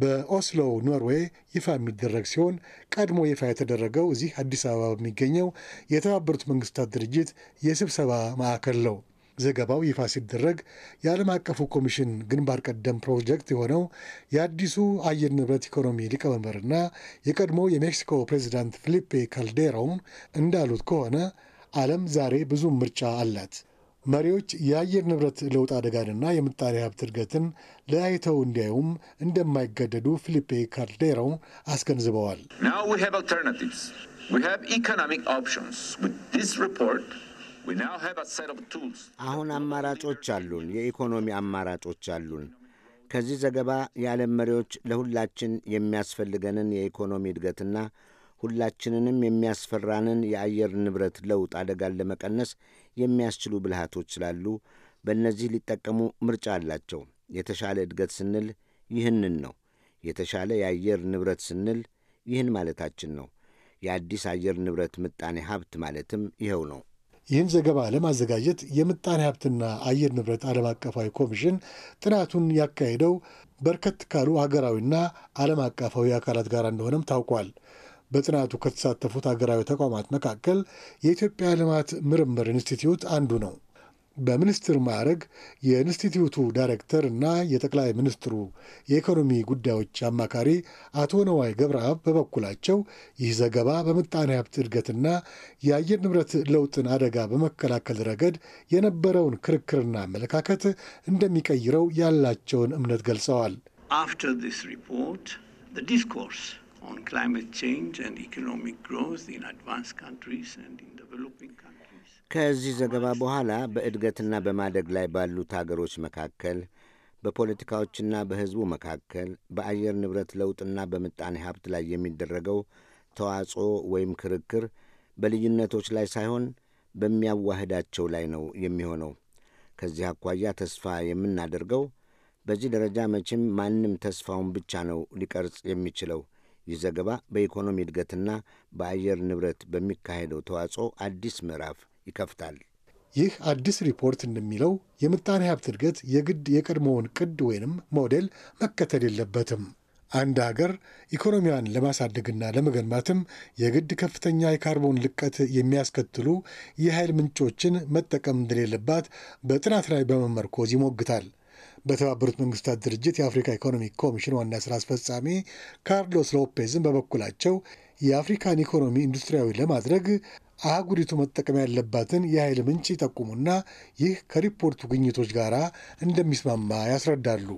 በኦስሎ ኖርዌይ ይፋ የሚደረግ ሲሆን ቀድሞ ይፋ የተደረገው እዚህ አዲስ አበባ በሚገኘው የተባበሩት መንግስታት ድርጅት የስብሰባ ማዕከል ነው። ዘገባው ይፋ ሲደረግ የዓለም አቀፉ ኮሚሽን ግንባር ቀደም ፕሮጀክት የሆነው የአዲሱ አየር ንብረት ኢኮኖሚ ሊቀመንበርና የቀድሞ የሜክሲኮ ፕሬዚዳንት ፊሊፔ ካልዴራውን እንዳሉት ከሆነ ዓለም ዛሬ ብዙም ምርጫ አላት። መሪዎች የአየር ንብረት ለውጥ አደጋንና የምጣኔ ሀብት እድገትን ለያይተው እንዲያዩም እንደማይገደዱ ፊሊፔ ካልዴሮ አስገንዝበዋል። አሁን አማራጮች አሉን፣ የኢኮኖሚ አማራጮች አሉን። ከዚህ ዘገባ የዓለም መሪዎች ለሁላችን የሚያስፈልገንን የኢኮኖሚ እድገትና ሁላችንንም የሚያስፈራንን የአየር ንብረት ለውጥ አደጋን ለመቀነስ የሚያስችሉ ብልሃቶች ስላሉ በእነዚህ ሊጠቀሙ ምርጫ አላቸው። የተሻለ እድገት ስንል ይህንን ነው። የተሻለ የአየር ንብረት ስንል ይህን ማለታችን ነው። የአዲስ አየር ንብረት ምጣኔ ሀብት ማለትም ይኸው ነው። ይህን ዘገባ ለማዘጋጀት የምጣኔ ሀብትና አየር ንብረት ዓለም አቀፋዊ ኮሚሽን ጥናቱን ያካሄደው በርከት ካሉ ሀገራዊና ዓለም አቀፋዊ አካላት ጋር እንደሆነም ታውቋል። በጥናቱ ከተሳተፉት ሀገራዊ ተቋማት መካከል የኢትዮጵያ ልማት ምርምር ኢንስቲትዩት አንዱ ነው። በሚኒስትር ማዕረግ የኢንስቲትዩቱ ዳይሬክተር እና የጠቅላይ ሚኒስትሩ የኢኮኖሚ ጉዳዮች አማካሪ አቶ ነዋይ ገብረአብ በበኩላቸው ይህ ዘገባ በምጣኔ ሀብት እድገትና የአየር ንብረት ለውጥን አደጋ በመከላከል ረገድ የነበረውን ክርክርና አመለካከት እንደሚቀይረው ያላቸውን እምነት ገልጸዋል። on climate change and economic growth in advanced countries and in developing countries. ከዚህ ዘገባ በኋላ በእድገትና በማደግ ላይ ባሉት ሀገሮች መካከል በፖለቲካዎችና በሕዝቡ መካከል በአየር ንብረት ለውጥና በምጣኔ ሀብት ላይ የሚደረገው ተዋጽኦ ወይም ክርክር በልዩነቶች ላይ ሳይሆን በሚያዋህዳቸው ላይ ነው የሚሆነው። ከዚህ አኳያ ተስፋ የምናደርገው በዚህ ደረጃ መቼም ማንም ተስፋውን ብቻ ነው ሊቀርጽ የሚችለው። ይህ ዘገባ በኢኮኖሚ እድገትና በአየር ንብረት በሚካሄደው ተዋጽኦ አዲስ ምዕራፍ ይከፍታል። ይህ አዲስ ሪፖርት እንደሚለው የምጣኔ ሀብት እድገት የግድ የቀድሞውን ቅድ ወይንም ሞዴል መከተል የለበትም። አንድ ሀገር ኢኮኖሚዋን ለማሳደግና ለመገንባትም የግድ ከፍተኛ የካርቦን ልቀት የሚያስከትሉ የኃይል ምንጮችን መጠቀም እንደሌለባት በጥናት ላይ በመመርኮዝ ይሞግታል። በተባበሩት መንግስታት ድርጅት የአፍሪካ ኢኮኖሚክ ኮሚሽን ዋና ስራ አስፈጻሚ ካርሎስ ሎፔዝም በበኩላቸው የአፍሪካን ኢኮኖሚ ኢንዱስትሪያዊ ለማድረግ አህጉሪቱ መጠቀም ያለባትን የኃይል ምንጭ ይጠቁሙና ይህ ከሪፖርቱ ግኝቶች ጋር እንደሚስማማ ያስረዳሉ።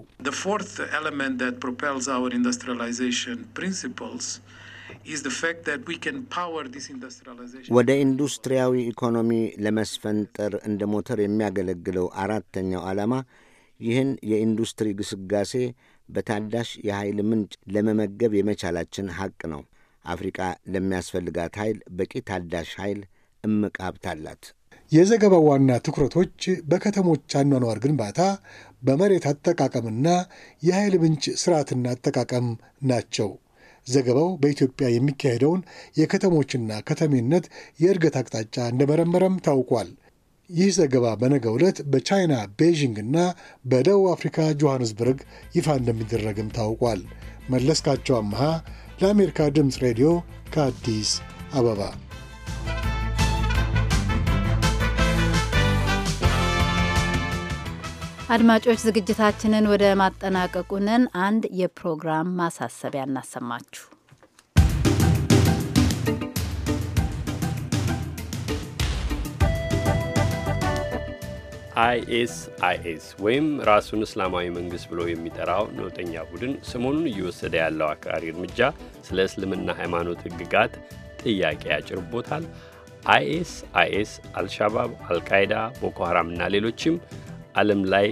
ወደ ኢንዱስትሪያዊ ኢኮኖሚ ለመስፈንጠር እንደ ሞተር የሚያገለግለው አራተኛው ዓላማ ይህን የኢንዱስትሪ ግስጋሴ በታዳሽ የኃይል ምንጭ ለመመገብ የመቻላችን ሐቅ ነው። አፍሪቃ ለሚያስፈልጋት ኃይል በቂ ታዳሽ ኃይል እምቅ ሀብት አላት። የዘገባው ዋና ትኩረቶች በከተሞች አኗኗር ግንባታ፣ በመሬት አጠቃቀምና የኃይል ምንጭ ስርዓትና አጠቃቀም ናቸው። ዘገባው በኢትዮጵያ የሚካሄደውን የከተሞችና ከተሜነት የእድገት አቅጣጫ እንደመረመረም ታውቋል። ይህ ዘገባ በነገ ዕለት በቻይና ቤዥንግ እና በደቡብ አፍሪካ ጆሐንስበርግ ይፋ እንደሚደረግም ታውቋል። መለስካቸው አመሃ ለአሜሪካ ድምፅ ሬዲዮ ከአዲስ አበባ አድማጮች ዝግጅታችንን ወደ ማጠናቀቁንን አንድ የፕሮግራም ማሳሰቢያ እናሰማችሁ። አይኤስአይኤስ ወይም ራሱን እስላማዊ መንግስት ብሎ የሚጠራው ነውጠኛ ቡድን ሰሞኑን እየወሰደ ያለው አክራሪ እርምጃ ስለ እስልምና ሃይማኖት ህግጋት ጥያቄ ያጭርቦታል። አይኤስአይኤስ፣ አልሻባብ፣ አልቃይዳ፣ ቦኮ እና ሌሎችም ዓለም ላይ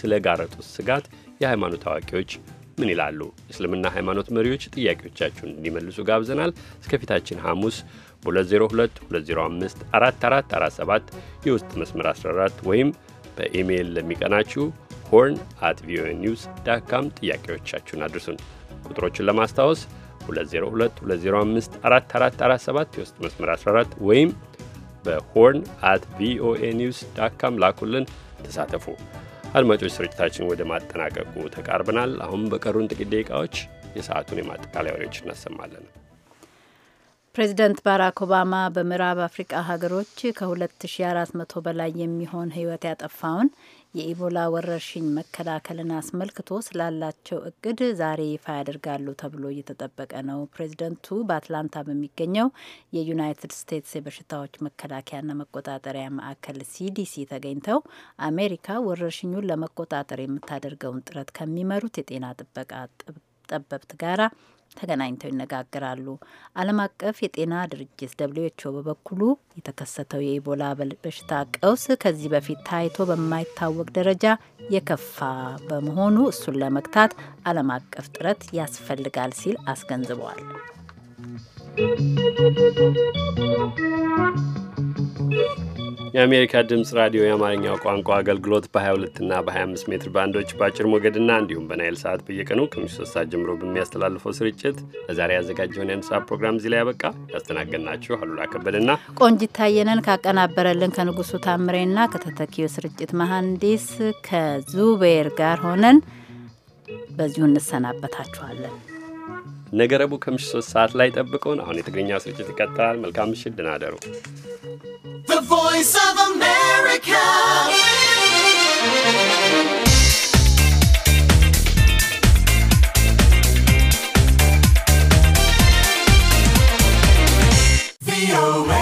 ስለጋረጡት ስጋት የሃይማኖት አዋቂዎች ምን ይላሉ? እስልምና ሃይማኖት መሪዎች ጥያቄዎቻችሁን እንዲመልሱ ጋብዘናል። እስከፊታችን ሐሙስ በ2022054447 የውስጥ መስመር 14 ወይም በኢሜይል ለሚቀናችሁ ሆርን አት ቪኦኤ ኒውስ ዳት ካም ጥያቄዎቻችሁን አድርሱን። ቁጥሮቹን ለማስታወስ 2022054447 የውስጥ መስመር 14 ወይም በሆርን አት ቪኦኤ ኒውስ ዳት ካም ላኩልን። ተሳተፉ። አድማጮች፣ ስርጭታችን ወደ ማጠናቀቁ ተቃርበናል። አሁን በቀሩን ጥቂት ደቂቃዎች የሰዓቱን የማጠቃለያ ወሬዎች እናሰማለን። ፕሬዚደንት ባራክ ኦባማ በምዕራብ አፍሪቃ ሀገሮች ከ2400 በላይ የሚሆን ህይወት ያጠፋውን የኢቦላ ወረርሽኝ መከላከልን አስመልክቶ ስላላቸው እቅድ ዛሬ ይፋ ያደርጋሉ ተብሎ እየተጠበቀ ነው። ፕሬዚደንቱ በአትላንታ በሚገኘው የዩናይትድ ስቴትስ የበሽታዎች መከላከያና መቆጣጠሪያ ማዕከል ሲዲሲ ተገኝተው አሜሪካ ወረርሽኙን ለመቆጣጠር የምታደርገውን ጥረት ከሚመሩት የጤና ጥበቃ ጠበብት ጋራ ተገናኝተው ይነጋገራሉ። ዓለም አቀፍ የጤና ድርጅት ደብሊው ኤች ኦ በበኩሉ የተከሰተው የኢቦላ በሽታ ቀውስ ከዚህ በፊት ታይቶ በማይታወቅ ደረጃ የከፋ በመሆኑ እሱን ለመግታት ዓለም አቀፍ ጥረት ያስፈልጋል ሲል አስገንዝበዋል። Thank you. የአሜሪካ ድምፅ ራዲዮ የአማርኛው ቋንቋ አገልግሎት በ22 እና በ25 ሜትር ባንዶች በአጭር ሞገድና እንዲሁም በናይል ሰዓት በየቀኑ ከምሽቱ ሶስት ሰዓት ጀምሮ በሚያስተላልፈው ስርጭት ለዛሬ ያዘጋጀውን የአንድ ሰዓት ፕሮግራም እዚህ ላይ ያበቃ። ያስተናገድናችሁ አሉላ ከበደና ቆንጂት ታየነን ካቀናበረልን ከንጉሱ ታምሬና ከተተኪው ስርጭት መሐንዲስ ከዙቤር ጋር ሆነን በዚሁ እንሰናበታችኋለን። ነገ ረቡዕ ከምሽት ሶስት ሰዓት ላይ ጠብቆን። አሁን የትግርኛ ስርጭት ይቀጥላል። መልካም ምሽት፣ ደህና እደሩ። The